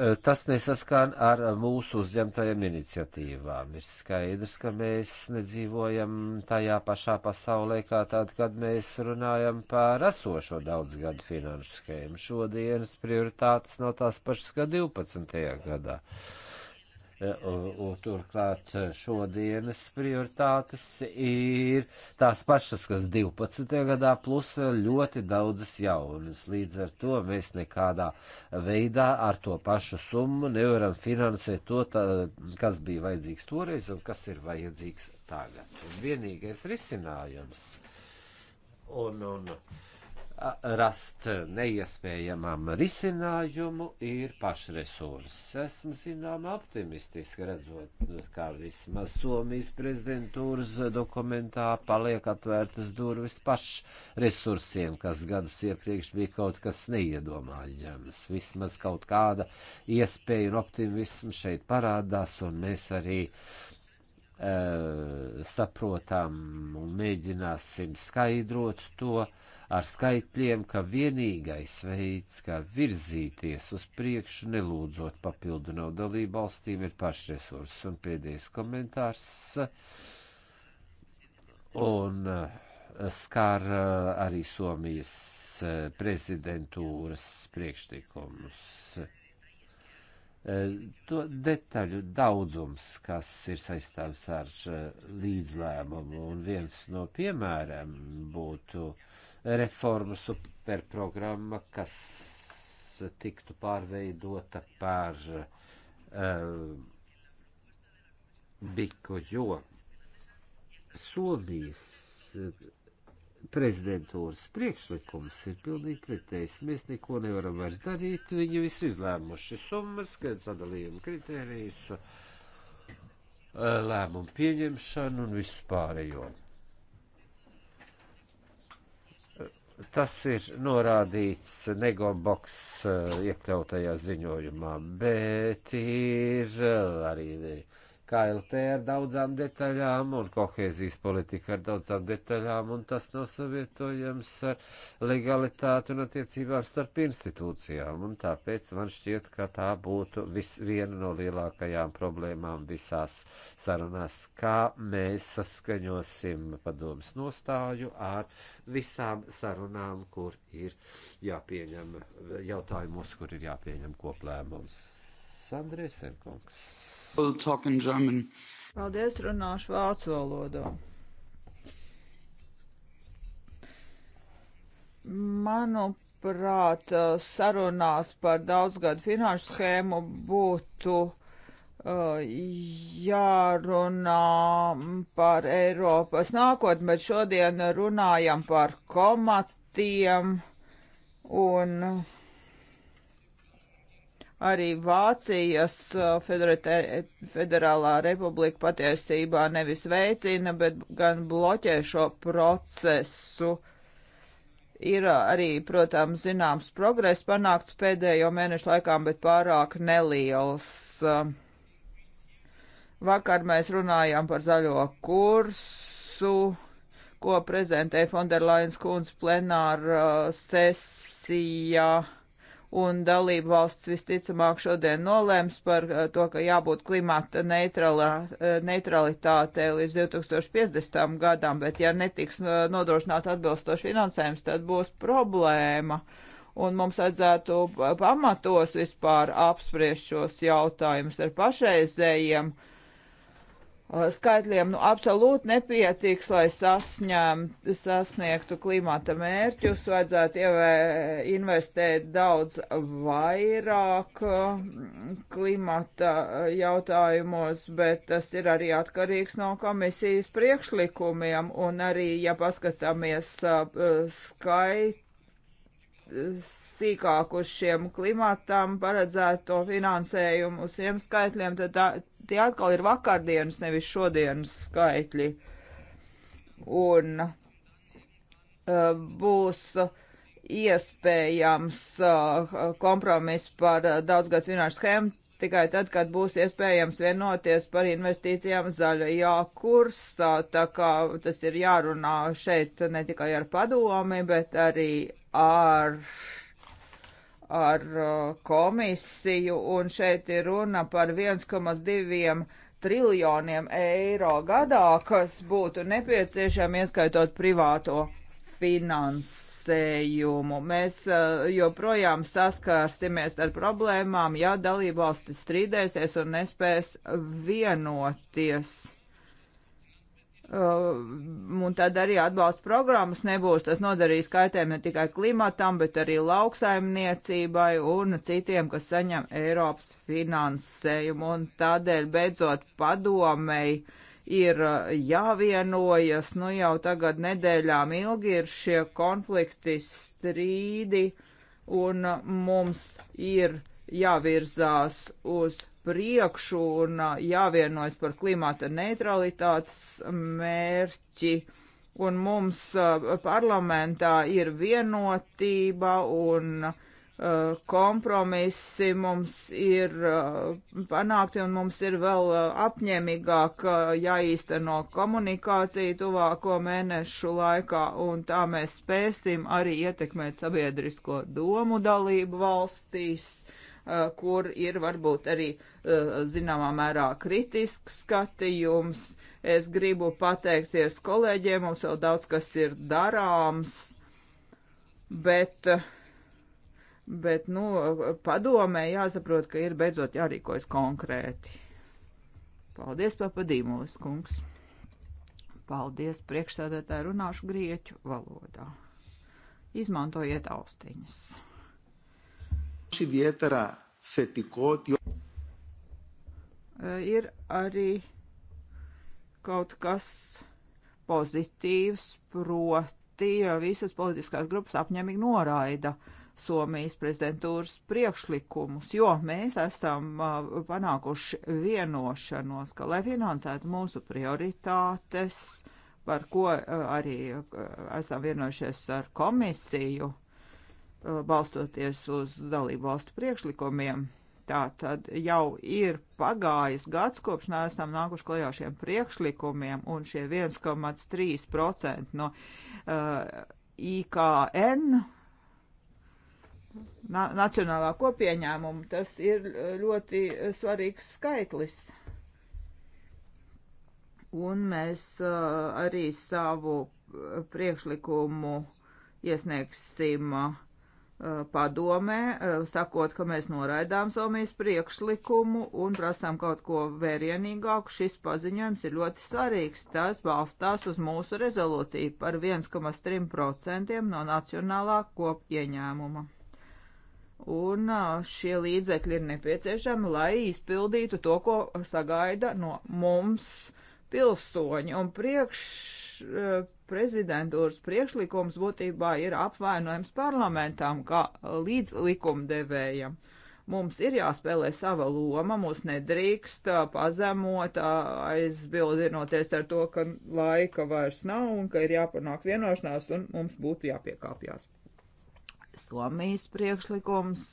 Eh, tas nesaskan ar eh, mūsu uzņemtajām iniciatīvām. Ir skaidrs, ka mēs nedzīvojam tajā pašā pasaulē, kā tad, kad mēs runājam par esošo daudzgadu finanšu schēmu. Šodienas prioritātes nav tās pašas kā 12. gadā. Uh, E, un turklāt e, šodienas prioritātes ir tās pašas, kas 12. gadā, plus vēl ļoti daudzas jaunas. Līdz ar to mēs nekādā veidā ar to pašu summu nevaram finansēt to, tā, kas bija vajadzīgs toreiz un kas ir vajadzīgs tagad. Un vienīgais risinājums. Un, un, uh, rast neiespējamam risinājumu ir pašresurss. Esmu zinām optimistiski redzot, kā vismaz Somijas prezidentūras dokumentā paliek atvērtas durvis pašresursiem, kas gadus iepriekš bija kaut kas neiedomājams. Vismaz kaut kāda iespēja un optimisms šeit parādās, un mēs arī uh, Eh, saprotam un mēģināsim skaidrot to ar skaitļiem, ka vienīgais veids, kā virzīties uz priekšu, nelūdzot papildu nav dalību valstīm, ir pašresurss. Un pēdējais komentārs un eh, skar eh, arī Somijas prezidentūras priekšlikumus Eh, to detaļu daudzums, kas ir saistāms ar eh, līdzlēmumu, un viens no piemēram būtu reforma superprogramma, kas tiktu pārveidota par um, eh, biku, jo Somijas prezidentūras priekšlikums ir pilnīgi kritējis. Mēs neko nevaram vairs darīt. Viņi visi izlēmuši summas, gan sadalījumu kritērijus, eh, lēmumu pieņemšanu un visu pārējo. Tas ir norādīts Negoboks eh, iekļautajā ziņojumā, bet ir eh, arī. Uh, KLP ar daudzām detaļām un kohēzijas politika ar daudzām detaļām, un tas nav savietojams ar legalitāti un attiecībām starp institūcijām, un tāpēc man šķiet, ka tā būtu vis, viena no lielākajām problēmām visās sarunās, kā mēs saskaņosim padomus nostāju ar visām sarunām, kur ir jāpieņem jautājumos, kur ir jāpieņem koplēmums. Sandrēsenkungs. Paldies, runāšu vācu valodā. Manuprāt, sarunās par daudzgadu finanšu schēmu būtu Uh, jārunā par Eiropas nākotni, bet šodien runājam par komatiem un arī Vācijas uh, federālā republika patiesībā nevis veicina, bet gan bloķē šo procesu. Ir uh, arī, protams, zināms progress panākts pēdējo mēnešu laikā, bet pārāk neliels. Uh, vakar mēs runājām par zaļo kursu, ko prezentē Fonderlains kundze plenāra sesijā un dalību valsts visticamāk šodien nolēms par eh, to, ka jābūt klimata neutralā, eh, neutralitātē līdz 2050. gadam, bet ja netiks eh, nodrošināts atbilstoši finansējums, tad būs problēma. Un mums vajadzētu pamatos vispār apspriest šos jautājumus ar pašreizējiem uh, Eh, skaitļiem nu, absolūti nepietiks, lai sasņem, sasniegtu klimata mērķus. Vajadzētu ievē, investēt daudz vairāk mm, klimata eh, jautājumos, bet tas ir arī atkarīgs no komisijas priekšlikumiem. Un arī, ja paskatāmies eh, skait, sīkāk uz šiem klimatam paredzēto finansējumu, uz šiem skaitļiem, tad tā, tie atkal ir vakardienas, nevis šodienas skaitļi. Un uh, būs iespējams uh, kompromiss par daudzgad finanšu schēmu tikai tad, kad būs iespējams vienoties par investīcijām zaļajā kursā. Tā kā tas ir jārunā šeit ne tikai ar padomi, bet arī ar ar uh, komisiju, un šeit ir runa par 1,2 triljoniem eiro gadā, kas būtu nepieciešami ieskaitot privāto finansējumu. Mēs uh, joprojām saskārsimies ar problēmām, ja dalībvalstis strīdēsies un nespēs vienoties Uh, un tad arī atbalsta programmas nebūs. Tas nodarīs kaitējumu ne tikai klimatam, bet arī lauksaimniecībai un citiem, kas saņem Eiropas finansējumu. Un tādēļ beidzot padomēji ir uh, jāvienojas. Nu jau tagad nedēļām ilgi ir šie konflikti, strīdi, un uh, mums ir jāvirzās uz priekšu un jāvienojas par klimata neutralitātes mērķi. Un mums parlamentā ir vienotība un kompromisi mums ir panākti un mums ir vēl apņēmīgāk jāīsteno komunikācija tuvāko mēnešu laikā, un tā mēs spēsim arī ietekmēt sabiedrisko domu dalību valstīs Eh, kur ir varbūt arī eh, zināmā mērā kritisks skatījums. Es gribu pateikties kolēģiem, mums vēl daudz kas ir darāms, bet, eh, bet nu, padomē jāsaprot, ka ir beidzot jārīkojas konkrēti. Paldies, papadīmos, kungs! Paldies, priekšsēdētāji, runāšu grieķu valodā. Izmantojiet austiņas! Ιδιαίτερα θετικό ότι... Ir arī kaut kas pozitīvs, proti visas politiskās grupas apņemīgi noraida Somijas prezidentūras priekšlikumus, jo mēs esam panākuši vienošanos, ka, lai finansētu mūsu prioritātes, par ko arī esam vienojušies ar komisiju, Uh, balstoties uz dalību valstu priekšlikumiem. Tā tad jau ir pagājis gads, kopš neesam nākuši klajā šiem priekšlikumiem, un šie 1,3% no uh, IKN na nacionālā kopieņēmuma, tas ir ļoti svarīgs skaitlis. Un mēs uh, arī savu priekšlikumu iesniegsim uh, Eh, padomē, eh, sakot, ka mēs noraidām Somijas priekšlikumu un prasām kaut ko vērienīgāku. Šis paziņojums ir ļoti svarīgs. Tas balstās uz mūsu rezolūciju par 1,3% no nacionālā kopieņēmuma. Un eh, šie līdzekļi ir nepieciešami, lai izpildītu to, ko sagaida no mums pilsoņi. Un priekš prezidentūras priekšlikums būtībā ir apvainojums parlamentam kā līdz likumdevējam. Mums ir jāspēlē sava loma, mūs nedrīkst uh, pazemot, uh, aizbildinoties ar to, ka laika vairs nav un ka ir jāpanāk vienošanās un mums būtu jāpiekāpjas. Somijas priekšlikums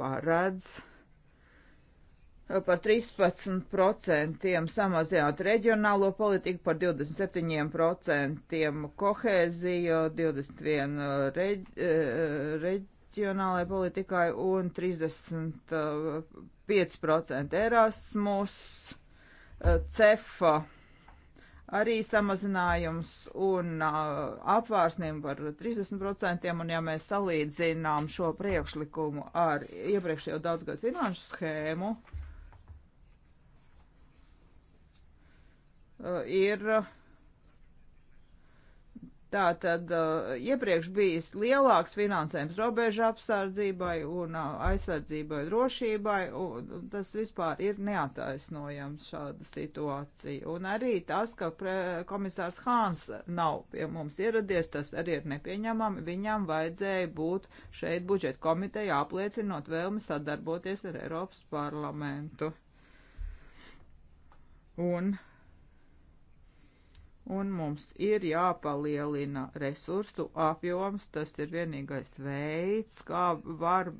paredz par 13% samazināt reģionālo politiku, par 27% kohēziju, 21% reģ, eh, reģionālajai politikai un 35% Erasmus, eh, CEFA arī samazinājums un eh, apvārsniem par 30%, un ja mēs salīdzinām šo priekšlikumu ar iepriekšējo daudzgadu finanšu schēmu, Eh, ir eh, tā tad eh, iepriekš bijis lielāks finansējums robeža apsardzībai un aizsardzībai drošībai, un tas vispār ir neataisnojams šāda situācija. Un arī tas, ka komisārs Hāns nav pie mums ieradies, tas arī ir nepieņemami. Viņam vajadzēja būt šeit budžeta komiteja apliecinot vēlmi sadarboties ar Eiropas parlamentu. Un un mums ir jāpalielina resursu apjoms. Tas ir vienīgais veids, kā var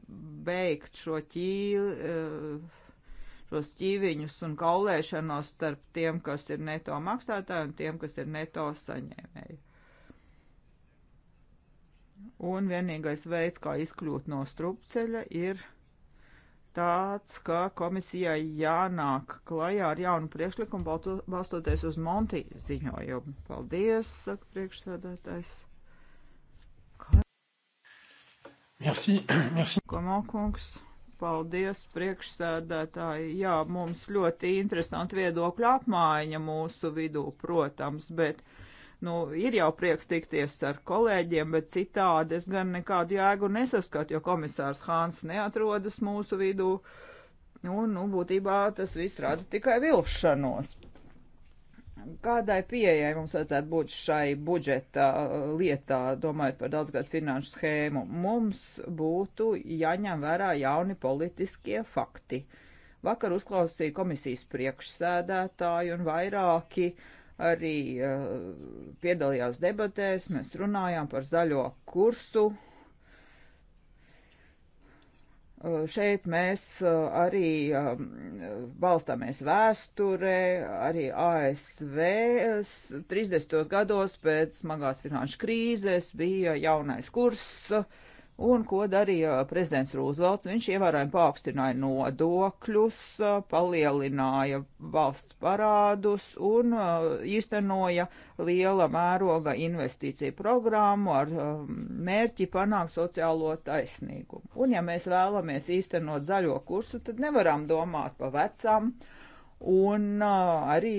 beigt šo ķīli, eh, šos ķīviņus un kaulēšanos starp tiem, kas ir neto maksātāji un tiem, kas ir neto saņēmēji. Un vienīgais veids, kā izkļūt no strupceļa, ir tāds, ka komisijai jānāk klajā ar jaunu priekšlikumu balstoties uz Monti ziņojumu. Paldies, saka priekšsēdētājs. Merci, merci. Komokungs, paldies priekšsēdētāji. Jā, mums ļoti interesanti viedokļu apmaiņa mūsu vidū, protams, bet Nu, ir jau prieks tikties ar kolēģiem, bet citādi es gan nekādu jēgu nesaskatu, jo komisārs Hāns neatrodas mūsu vidū. Un, nu, būtībā tas viss rada tikai vilšanos. Kādai pieejai mums vajadzētu būt šai budžeta uh, lietā, domājot par daudzgadu finanšu schēmu? Mums būtu jāņem vērā jauni politiskie fakti. Vakar uzklausīju komisijas priekšsēdētāju un vairāki uh, arī eh, piedalījās debatēs, mēs runājām par zaļo kursu. Eh, šeit mēs eh, arī balstāmies vēsturē, arī ASV 30. gados pēc smagās finanšu krīzes bija jaunais kurss, Un ko darīja uh, prezidents Rūzvelts? Viņš ievērojami paaugstināja nodokļus, uh, palielināja valsts parādus un uh, īstenoja liela mēroga investīciju programmu ar um, mērķi panākt sociālo taisnīgumu. Un ja mēs vēlamies īstenot zaļo kursu, tad nevaram domāt pa vecam un arī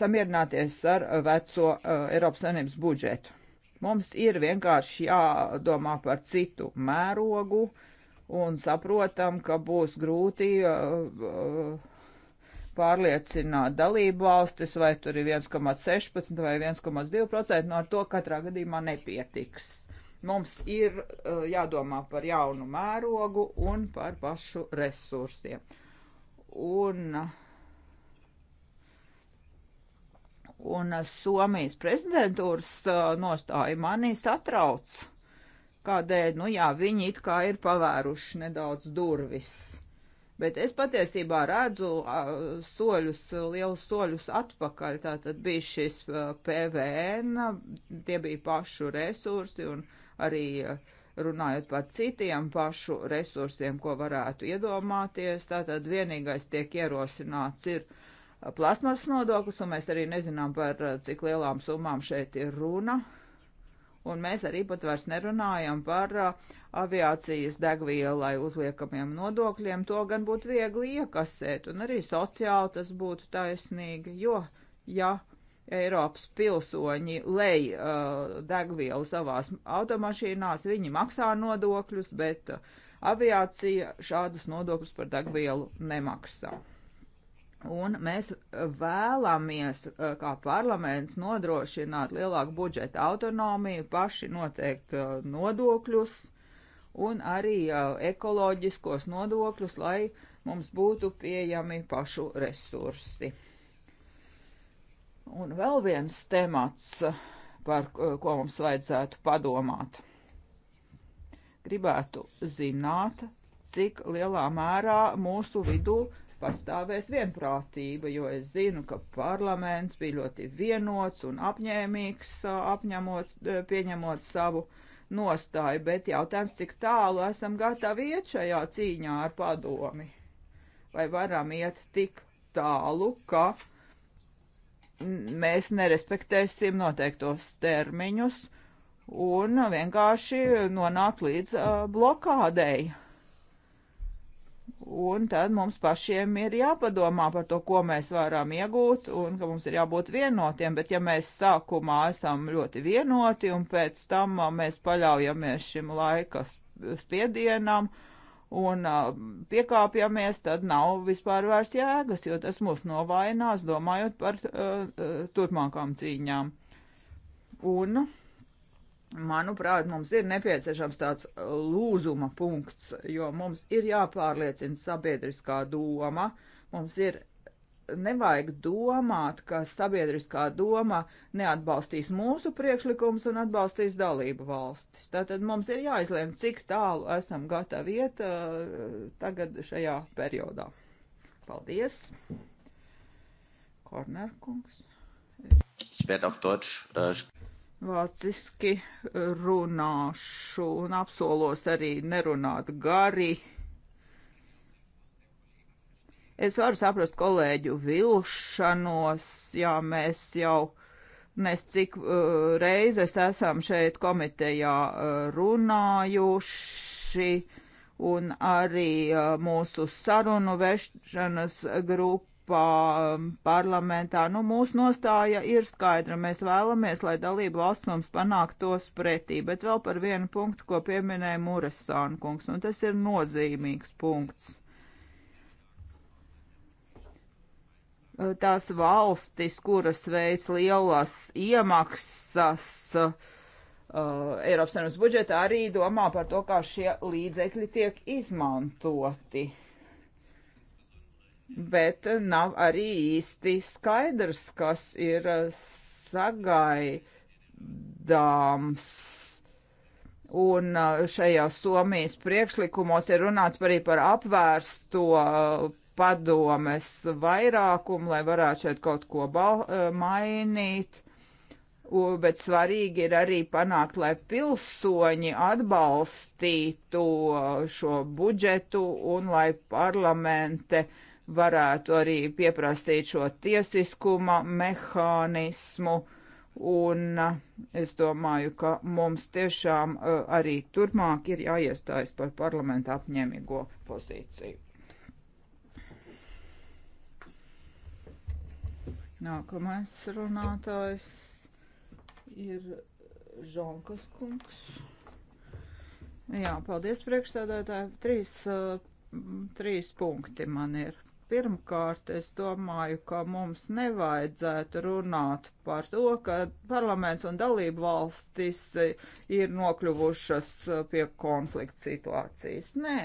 samierināties ar veco Eiropas Savienības budžetu Mums ir vienkārši jādomā par citu mērogu un saprotam, ka būs grūti uh, uh, pārliecināt dalību valstis, vai tur ir 1,16 vai 1,2%, no ar to katrā gadījumā nepietiks. Mums ir uh, jādomā par jaunu mērogu un par pašu resursiem. Un uh, un Somijas prezidentūras nostāja manī satrauc. Kādēļ, nu jā, viņi it kā ir pavēruši nedaudz durvis. Bet es patiesībā redzu soļus, lielus soļus atpakaļ. Tā tad bija šis PVN, tie bija pašu resursi un arī runājot par citiem pašu resursiem, ko varētu iedomāties. Tātad vienīgais tiek ierosināts ir uh, plasmasas nodoklis, un mēs arī nezinām, par eh, cik lielām summām šeit ir runa. Un mēs arī pat vairs nerunājam par eh, aviācijas degvielai uzliekamiem nodokļiem. To gan būtu viegli iekasēt, un arī sociāli tas būtu taisnīgi, jo, ja Eiropas pilsoņi lej uh, degvielu savās automašīnās, viņi maksā nodokļus, bet aviācija šādus nodokļus par degvielu nemaksā. Un mēs vēlamies, eh, kā parlaments, nodrošināt lielāku budžeta autonomiju, paši noteikt eh, nodokļus un arī eh, ekoloģiskos nodokļus, lai mums būtu pieejami pašu resursi. Un vēl viens temats, par ko mums vajadzētu padomāt. Gribētu zināt, cik lielā mērā mūsu vidū pastāvēs vienprātība, jo es zinu, ka parlaments bija ļoti vienots un apņēmīgs, apņemot, pieņemot savu nostāju, bet jautājums, cik tālu esam gatavi iet šajā cīņā ar padomi. Vai varam iet tik tālu, ka mēs nerespektēsim noteiktos termiņus un vienkārši nonākt līdz uh, blokādei. Un tad mums pašiem ir jāpadomā par to, ko mēs varam iegūt, un ka mums ir jābūt vienotiem. Bet ja mēs sākumā esam ļoti vienoti, un pēc tam mēs paļaujamies šim laika spiedienam un piekāpjamies, tad nav vispār vairs jēgas, jo tas mūs novainās, domājot par uh, turpmākām cīņām. Un Manuprāt, mums ir nepieciešams tāds uh, lūzuma punkts, jo mums ir jāpārliecina sabiedriskā doma, mums ir nevajag domāt, ka sabiedriskā doma neatbalstīs mūsu priekšlikumus un atbalstīs dalību valstis. Tātad mums ir jāizlēm, cik tālu esam gatavi iet uh, tagad šajā periodā. Paldies! Kornerkungs. Es... Ich werde auf Deutsch. Äh vāciski runāšu un apsolos arī nerunāt gari. Es varu saprast kolēģu vilšanos, jā, mēs jau nes cik uh, reizes esam šeit komitejā uh, runājuši, un arī uh, mūsu sarunu vešanas grupa Eiropā, um, parlamentā. Nu, mūsu nostāja ir skaidra. Mēs vēlamies, lai dalību valsts mums panāk tos pretī, bet vēl par vienu punktu, ko pieminēja Muresāna kungs, un tas ir nozīmīgs punkts. Uh, tās valstis, kuras veic lielas iemaksas, uh, Uh, Eiropas Savienības budžeta arī domā par to, kā šie līdzekļi tiek izmantoti bet nav arī īsti skaidrs, kas ir eh, sagaidāms. Un eh, šajā Somijas priekšlikumos ir runāts arī par apvērsto eh, padomes vairākumu, lai varētu šeit kaut ko mainīt. U, bet svarīgi ir arī panākt, lai pilsoņi atbalstītu šo budžetu un lai parlamente uh, varētu arī pieprasīt šo tiesiskuma mehānismu. Un uh, es domāju, ka mums tiešām uh, arī turpmāk ir jāiestājas par parlamentu apņēmīgo pozīciju. Nākamais runātājs ir Žonkas kungs. Jā, paldies priekšsēdētāji. Trīs, uh, trīs punkti man ir. Pirmkārt, es domāju, ka mums nevajadzētu runāt par to, ka parlaments un dalību valstis ir nokļuvušas uh, pie konflikta situācijas. Nē,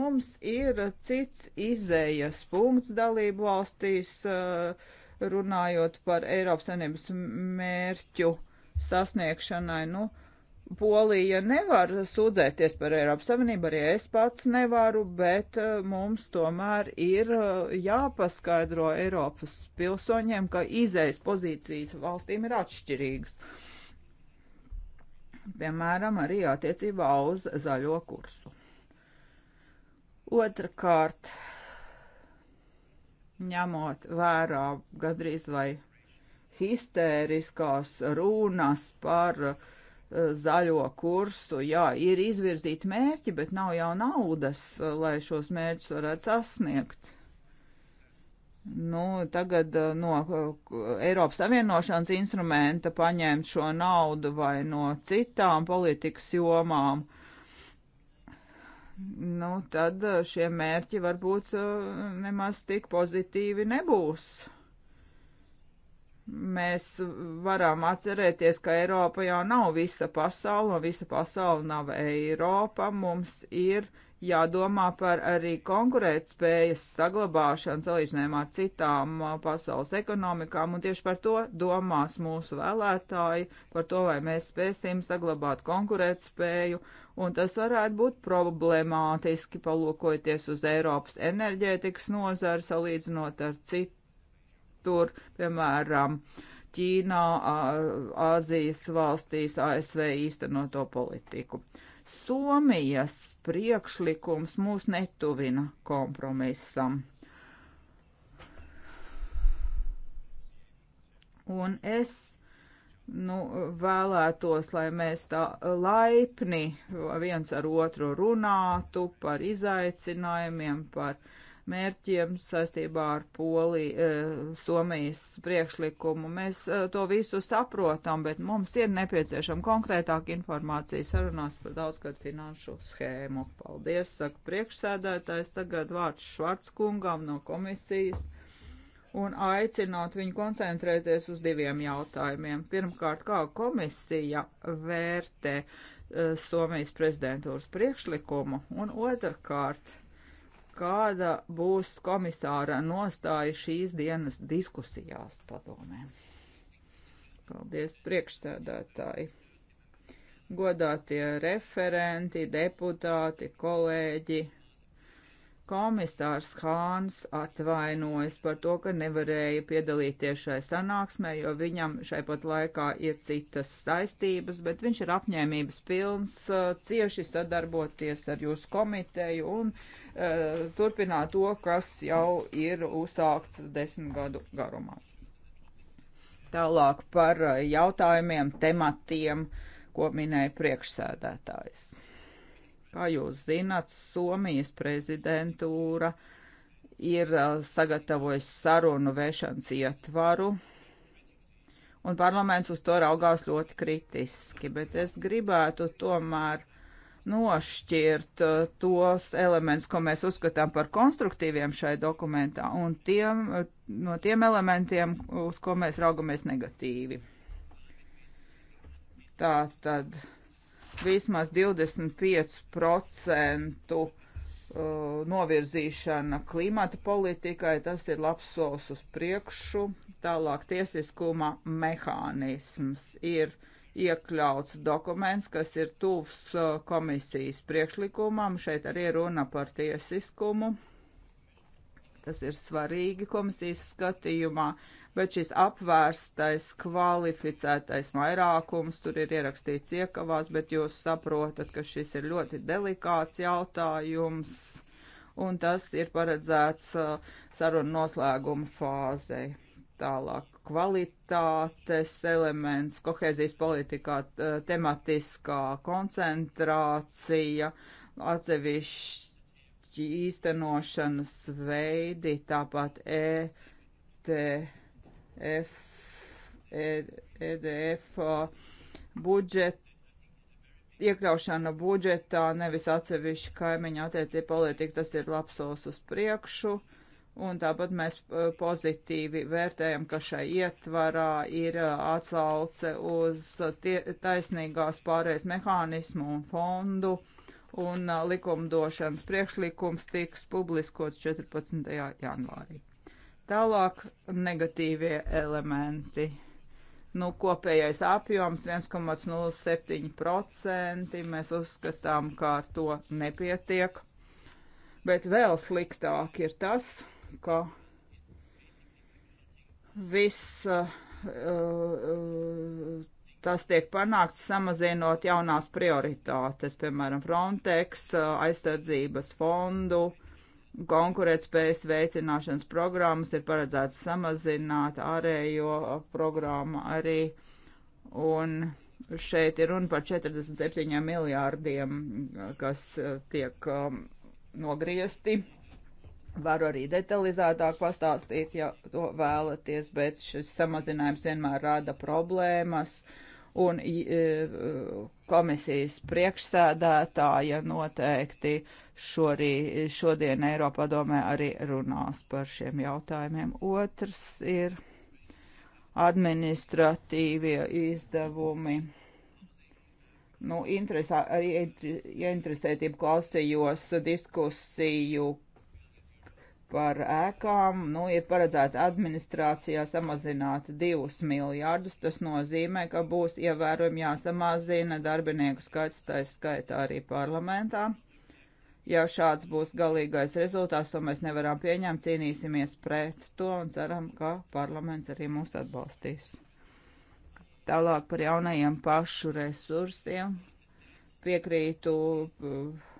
mums ir cits izējas punkts dalību valstīs, uh, runājot par Eiropas Savienības mērķu sasniegšanai. Nu, Polija nevar sūdzēties par Eiropas Savienību, arī es pats nevaru, bet eh, mums tomēr ir eh, jāpaskaidro Eiropas pilsoņiem, ka izējas pozīcijas valstīm ir atšķirīgas. Piemēram, arī attiecībā uz zaļo kursu. Otrakārt, ņemot vērā gadrīz vai histēriskās runas par uh, zaļo kursu. Jā, ir izvirzīti mērķi, bet nav jau naudas, eh, lai šos mērķus varētu sasniegt. Nu, tagad eh, no eh, Eiropas Savienošanas instrumenta paņemt šo naudu vai no citām politikas jomām, nu, tad šie mērķi varbūt nemaz tik pozitīvi nebūs mēs varam atcerēties, ka Eiropa jau nav visa pasaule, un visa pasaule nav Eiropa. Mums ir jādomā par arī konkurētspējas saglabāšanu salīdzinājumā ar citām uh, pasaules ekonomikām, un tieši par to domās mūsu vēlētāji, par to, vai mēs spēsim saglabāt konkurētspēju, un tas varētu būt problemātiski, palūkojoties uz Eiropas enerģētikas nozari, salīdzinot ar citu tur, piemēram, Ķīnā, Āzijas valstīs, ASV īstenoto politiku. Somijas priekšlikums mūs netuvina kompromisam. Un es nu, vēlētos, lai mēs tā laipni viens ar otru runātu par izaicinājumiem, par uh, mērķiem saistībā ar Polī, e, Somijas priekšlikumu. Mēs e, to visu saprotam, bet mums ir nepieciešama konkrētāka informācija sarunās par daudzgad finanšu schēmu. Paldies, saka priekšsēdētājs. Tagad vārds Švarckungam no komisijas un aicināt viņu koncentrēties uz diviem jautājumiem. Pirmkārt, kā komisija vērtē uh, Somijas prezidentūras priekšlikumu, un otrkārt, kāda būs komisāra nostāja šīs dienas diskusijās padomē. Paldies, priekšsēdētāji! Godātie referenti, deputāti, kolēģi! Komisārs Hāns atvainojas par to, ka nevarēja piedalīties šai sanāksmē, jo viņam šai pat laikā ir citas saistības, bet viņš ir apņēmības pilns uh, cieši sadarboties ar jūsu komiteju un uh, turpināt to, kas jau ir uzsākts desmit gadu garumā. Tālāk par uh, jautājumiem, tematiem, ko minēja priekšsēdētājs. Kā jūs zināt, Somijas prezidentūra ir sagatavojis sarunu vešanas ietvaru, un parlaments uz to raugās ļoti kritiski, bet es gribētu tomēr nošķirt tos elementus, ko mēs uzskatām par konstruktīviem šai dokumentā, un tiem, no tiem elementiem, uz ko mēs raugamies negatīvi. Tā tad vismaz 25% uh, novirzīšana klimata politikai, tas ir labs solis uz priekšu. Tālāk tiesiskuma mehānisms ir iekļauts dokuments, kas ir tuvs uh, komisijas priekšlikumam. Šeit arī runa par tiesiskumu. Tas ir svarīgi komisijas skatījumā. Uh, bet šis apvērstais kvalificētais vairākums tur ir ierakstīts iekavās, bet jūs saprotat, ka šis ir ļoti delikāts jautājums, un tas ir paredzēts uh, sarunu noslēguma fāzei. Tālāk kvalitātes elements, kohēzijas politikā tematiskā koncentrācija, atsevišķi īstenošanas veidi, tāpat ET F, EDF budžet, iekļaušana budžetā, nevis atsevišķi kaimiņa attiecība politika, tas ir labs solis uz priekšu. Un tāpat mēs e, pozitīvi vērtējam, ka šai ietvarā ir e, atsauce uz tie, taisnīgās pārējais mehānismu un fondu, un e, likumdošanas priekšlikums tiks publiskots 14. janvārī. Tālāk negatīvie elementi. Nu, kopējais apjoms 1,07%. Mēs uzskatām, ka ar to nepietiek. Bet vēl sliktāk ir tas, ka viss uh, uh, tas tiek panākts samazinot jaunās prioritātes, piemēram, Frontex, uh, aizsardzības fondu, uh, konkurētspējas veicināšanas programmas ir paredzēts samazināt ārējo programmu arī. Un šeit ir runa par 47 miljārdiem, kas eh, tiek um, nogriezti. Varu arī detalizētāk pastāstīt, ja to vēlaties, bet šis samazinājums vienmēr rada problēmas. Uh, un e, komisijas priekšsēdētāja noteikti šorī, šodien Eiropadomē arī runās par šiem jautājumiem. Otrs ir administratīvie izdevumi. Nu, interesā, arī ieinteresētību klausījos diskusiju par ēkām, nu, ir paredzēts administrācijā samazināt divus miljārdus. Tas nozīmē, ka būs ievērojami jāsamazina darbinieku skaits, tā skaitā arī parlamentā. Ja šāds būs galīgais rezultāts, to mēs nevaram pieņemt, cīnīsimies pret to un ceram, ka parlaments arī mūs atbalstīs. Tālāk par jaunajiem pašu resursiem. Piekrītu uh,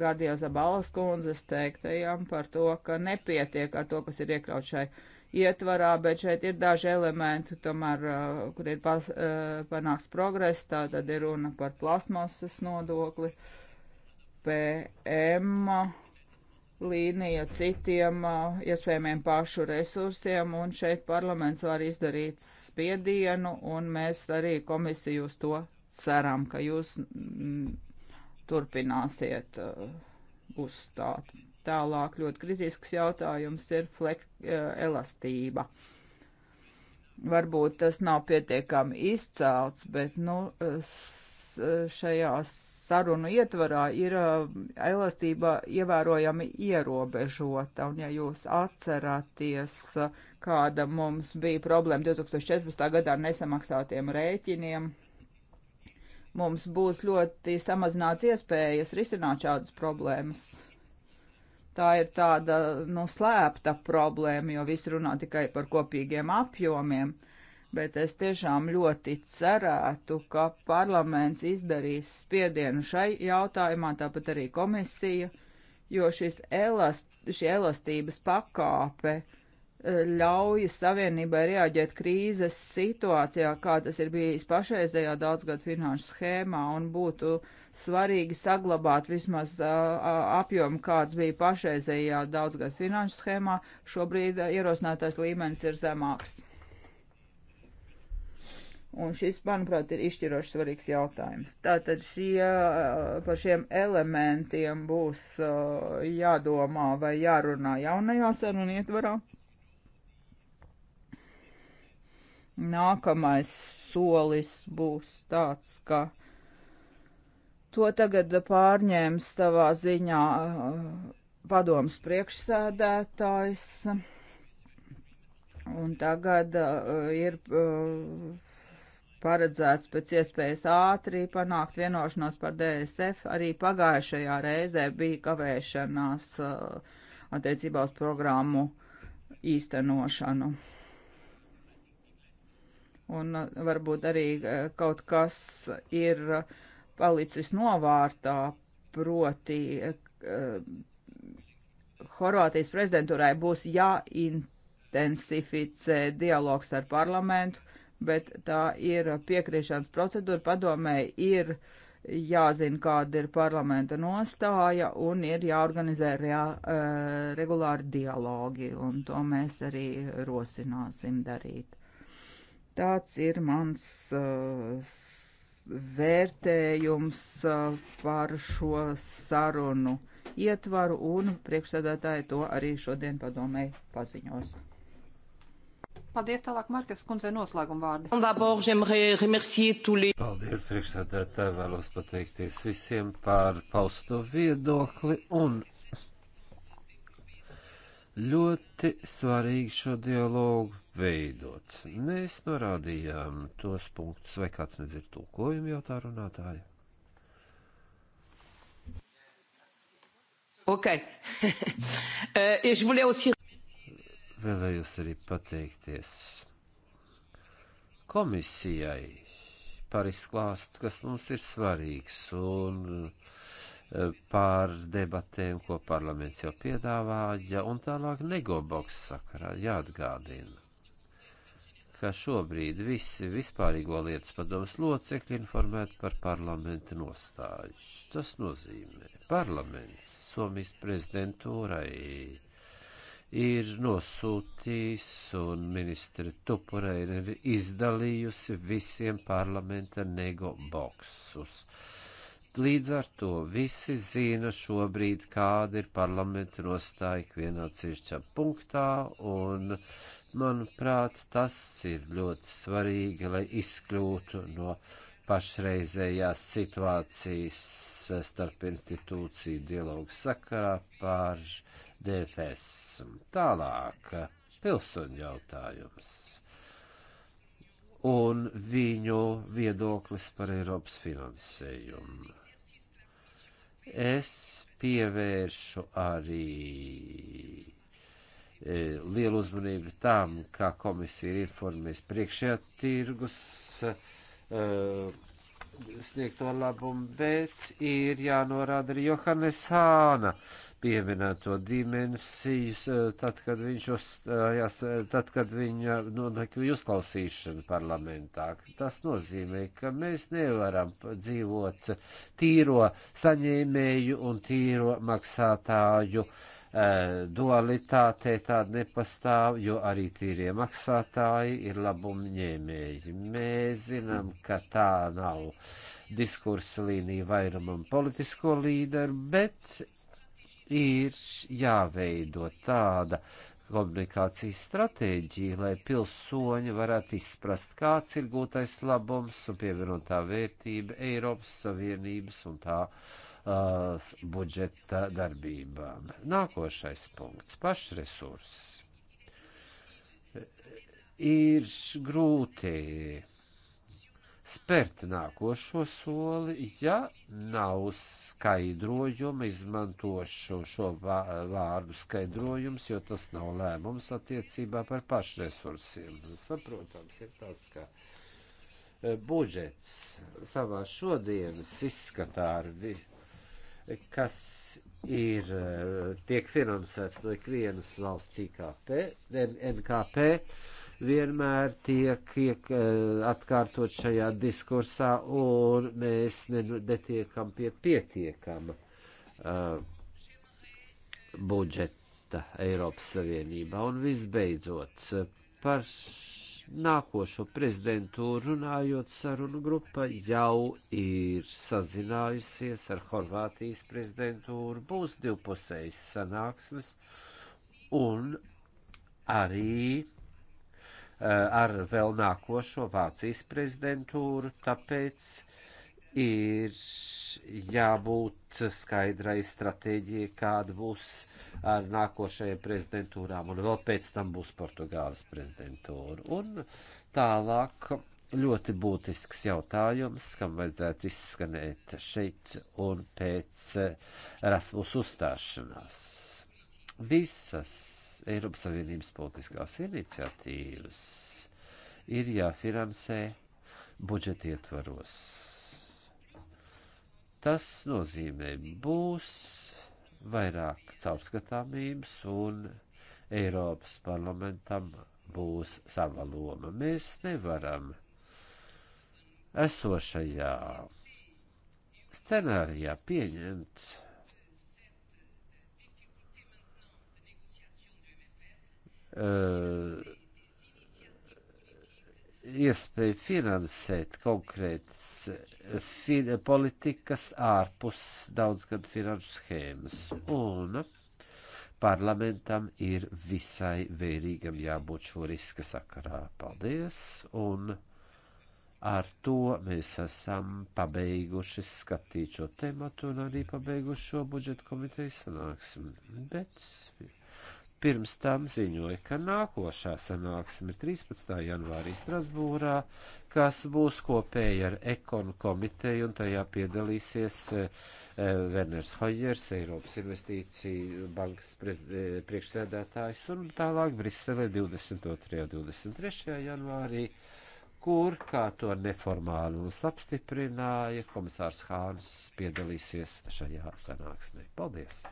Gardijā Zabalas kundzes teiktajam par to, ka nepietiek ar to, kas ir iekļauts šai ietvarā, bet šeit ir daži elementi, tomēr, uh, kur ir pas, uh, panāks progress, tā tad ir runa par plasmasas nodokli, PM līnija citiem uh, iespējamiem pašu resursiem, un šeit parlaments var izdarīt spiedienu, un mēs arī komisiju uz to ceram, ka jūs mm, turpināsiet uh, uzstāt. Tālāk ļoti kritisks jautājums ir flek, uh, elastība. Varbūt tas nav pietiekami izcelts, bet nu, uh, šajā sarunu ietvarā ir uh, elastība ievērojami ierobežota. Un ja jūs atceraties, uh, kāda mums bija problēma 2014. gadā ar nesamaksātiem rēķiniem, mums būs ļoti samazināts iespējas risināt šādas problēmas. Tā ir tāda nu, slēpta problēma, jo visi runā tikai par kopīgiem apjomiem, bet es tiešām ļoti cerētu, ka parlaments izdarīs spiedienu šai jautājumā, tāpat arī komisija, jo šis elast, šī elastības pakāpe uh, ļauj Savienībai reaģēt krīzes situācijā, kā tas ir bijis pašreizējā daudzgad finanšu schēmā, un būtu svarīgi saglabāt vismaz apjomu, kāds bija pašreizējā daudzgad finanšu schēmā. Šobrīd ierosinātais līmenis ir zemāks. Un šis, manuprāt, ir izšķiroši svarīgs jautājums. Tātad šie, par šiem elementiem būs jādomā vai jārunā jaunajā sarunu ietvarā. Ja nākamais solis būs tāds, ka to tagad pārņēma savā ziņā uh, padoms priekšsēdētājs, un tagad uh, ir uh, paredzēts pēc iespējas ātri panākt vienošanos par DSF. Arī pagājušajā reizē bija kavēšanās attiecībā uz programmu īstenošanu un uh, varbūt arī uh, kaut kas ir uh, palicis novārtā, proti Horvātijas prezidentūrai būs jāintensificē dialogs ar parlamentu, bet tā ir piekrišanas procedūra padomē ir jāzina, kāda ir parlamenta nostāja un ir jāorganizē reā, regulāri dialogi, un to mēs arī rosināsim darīt. Tāds ir mans uh, vērtējums uh, par šo sarunu ietvaru, un priekšsēdētāji to arī šodien padomēji paziņos. Paldies tālāk Markas kundzei noslēguma vārdi. Paldies priekšsēdētāji, vēlos pateikties visiem par pausto viedokli un ļoti svarīgi šo dialogu veidots. Mēs norādījām tos punktus, vai kāds nedzird tulkojumu jautā runātāja. Ok. Eh, Vēlējos arī pateikties komisijai par izklāstu, kas mums ir svarīgs, un eh, par debatēm, ko parlaments jau piedāvāja, un tālāk negoboks sakarā jāatgādina ka šobrīd visi vispārīgo lietas padomas locekļi informēti par parlamenta nostāju. Tas nozīmē, parlaments Somijas prezidentūrai ir nosūtījis un ministri Tupureina ir izdalījusi visiem parlamenta nego boksus. Līdz ar to visi zina šobrīd, kāda ir parlamenta nostāja vienā ciešķā punktā, un Manuprāt, tas ir ļoti svarīgi, lai izkļūtu no pašreizējās situācijas starp institūciju dialogu sakarā par DFS. Tālāk, pilsoņu jautājums un viņu viedoklis par Eiropas finansējumu. Es pievēršu arī E, lielu uzmanību tam, kā komisija ir informējusi priekšējā tirgus e, sniegto labumu, bet ir jānorāda arī Johannes Hāna pieminēto dimensijas, e, tad, kad viņš uzstājās, tad, kad viņa nonākļu nu, uzklausīšana parlamentā. Tas nozīmē, ka mēs nevaram dzīvot tīro saņēmēju un tīro maksātāju uh, Eh, dualitāte tāda nepastāv, jo arī tīrie maksātāji ir labumņēmēji. Mēs zinām, ka tā nav diskursa līnija vairumam politisko līderu, bet ir jāveido tāda komunikācijas stratēģija, lai pilsoņi varētu izprast, kāds ir gūtais labums un pievienotā vērtība Eiropas Savienības un tā uh, budžeta darbībām. Nākošais punkts - pašresursi. Ir grūti spērt nākošo soli, ja nav skaidrojuma, izmantošu šo vārdu skaidrojums, jo tas nav lēmums attiecībā par pašresursiem. Saprotams, ir tas, ka e, budžets savā šodienas izskatā ar visu kas ir, e, tiek finansēts no ikvienas valsts IKP, NKP, vienmēr tiek iek, eh, atkārtot šajā diskursā, un mēs netiekam pie pietiekama uh, budžeta Eiropas Savienībā. Un visbeidzot, par nākošo prezidentūru runājot, sarunu grupa jau ir sazinājusies ar Horvātijas prezidentūru, būs divpusējas sanāksmes, un arī Eh, ar vēl nākošo Vācijas prezidentūru, tāpēc ir jābūt skaidrai stratēģijai, kāda būs ar nākošajiem prezidentūrām, un vēl pēc tam būs Portugāles prezidentūra. Un tālāk ļoti būtisks jautājums, kam vajadzētu izskanēt šeit un pēc Rasmus uzstāšanās. Visas Eiropas Savienības politiskās iniciatīvas ir jāfinansē budžeta ietvaros. Tas nozīmē būs vairāk caurskatāmības un Eiropas parlamentam būs sava loma. Mēs nevaram esošajā scenārijā pieņemt uh, eh, iespēju finansēt konkrētas eh, fin politikas ārpus daudzgad finanšu schēmas. Un parlamentam ir visai vērīgam jābūt šo riska sakarā. Paldies! Un ar to mēs esam pabeiguši skatīt šo tematu un arī pabeiguši šo budžeta komitejas sanāksmi. Bet pirms tam ziņoja, ka nākošā sanāksme 13. janvārī Strasbūrā, kas būs kopēja ar Ekonu komiteju un tajā piedalīsies e, Werners Hojers, Eiropas investīciju bankas eh, priekšsēdētājs un tālāk Briselē 22. un 23. janvārī kur, kā to neformāli mums apstiprināja, komisārs Hāns piedalīsies šajā sanāksmē. Paldies!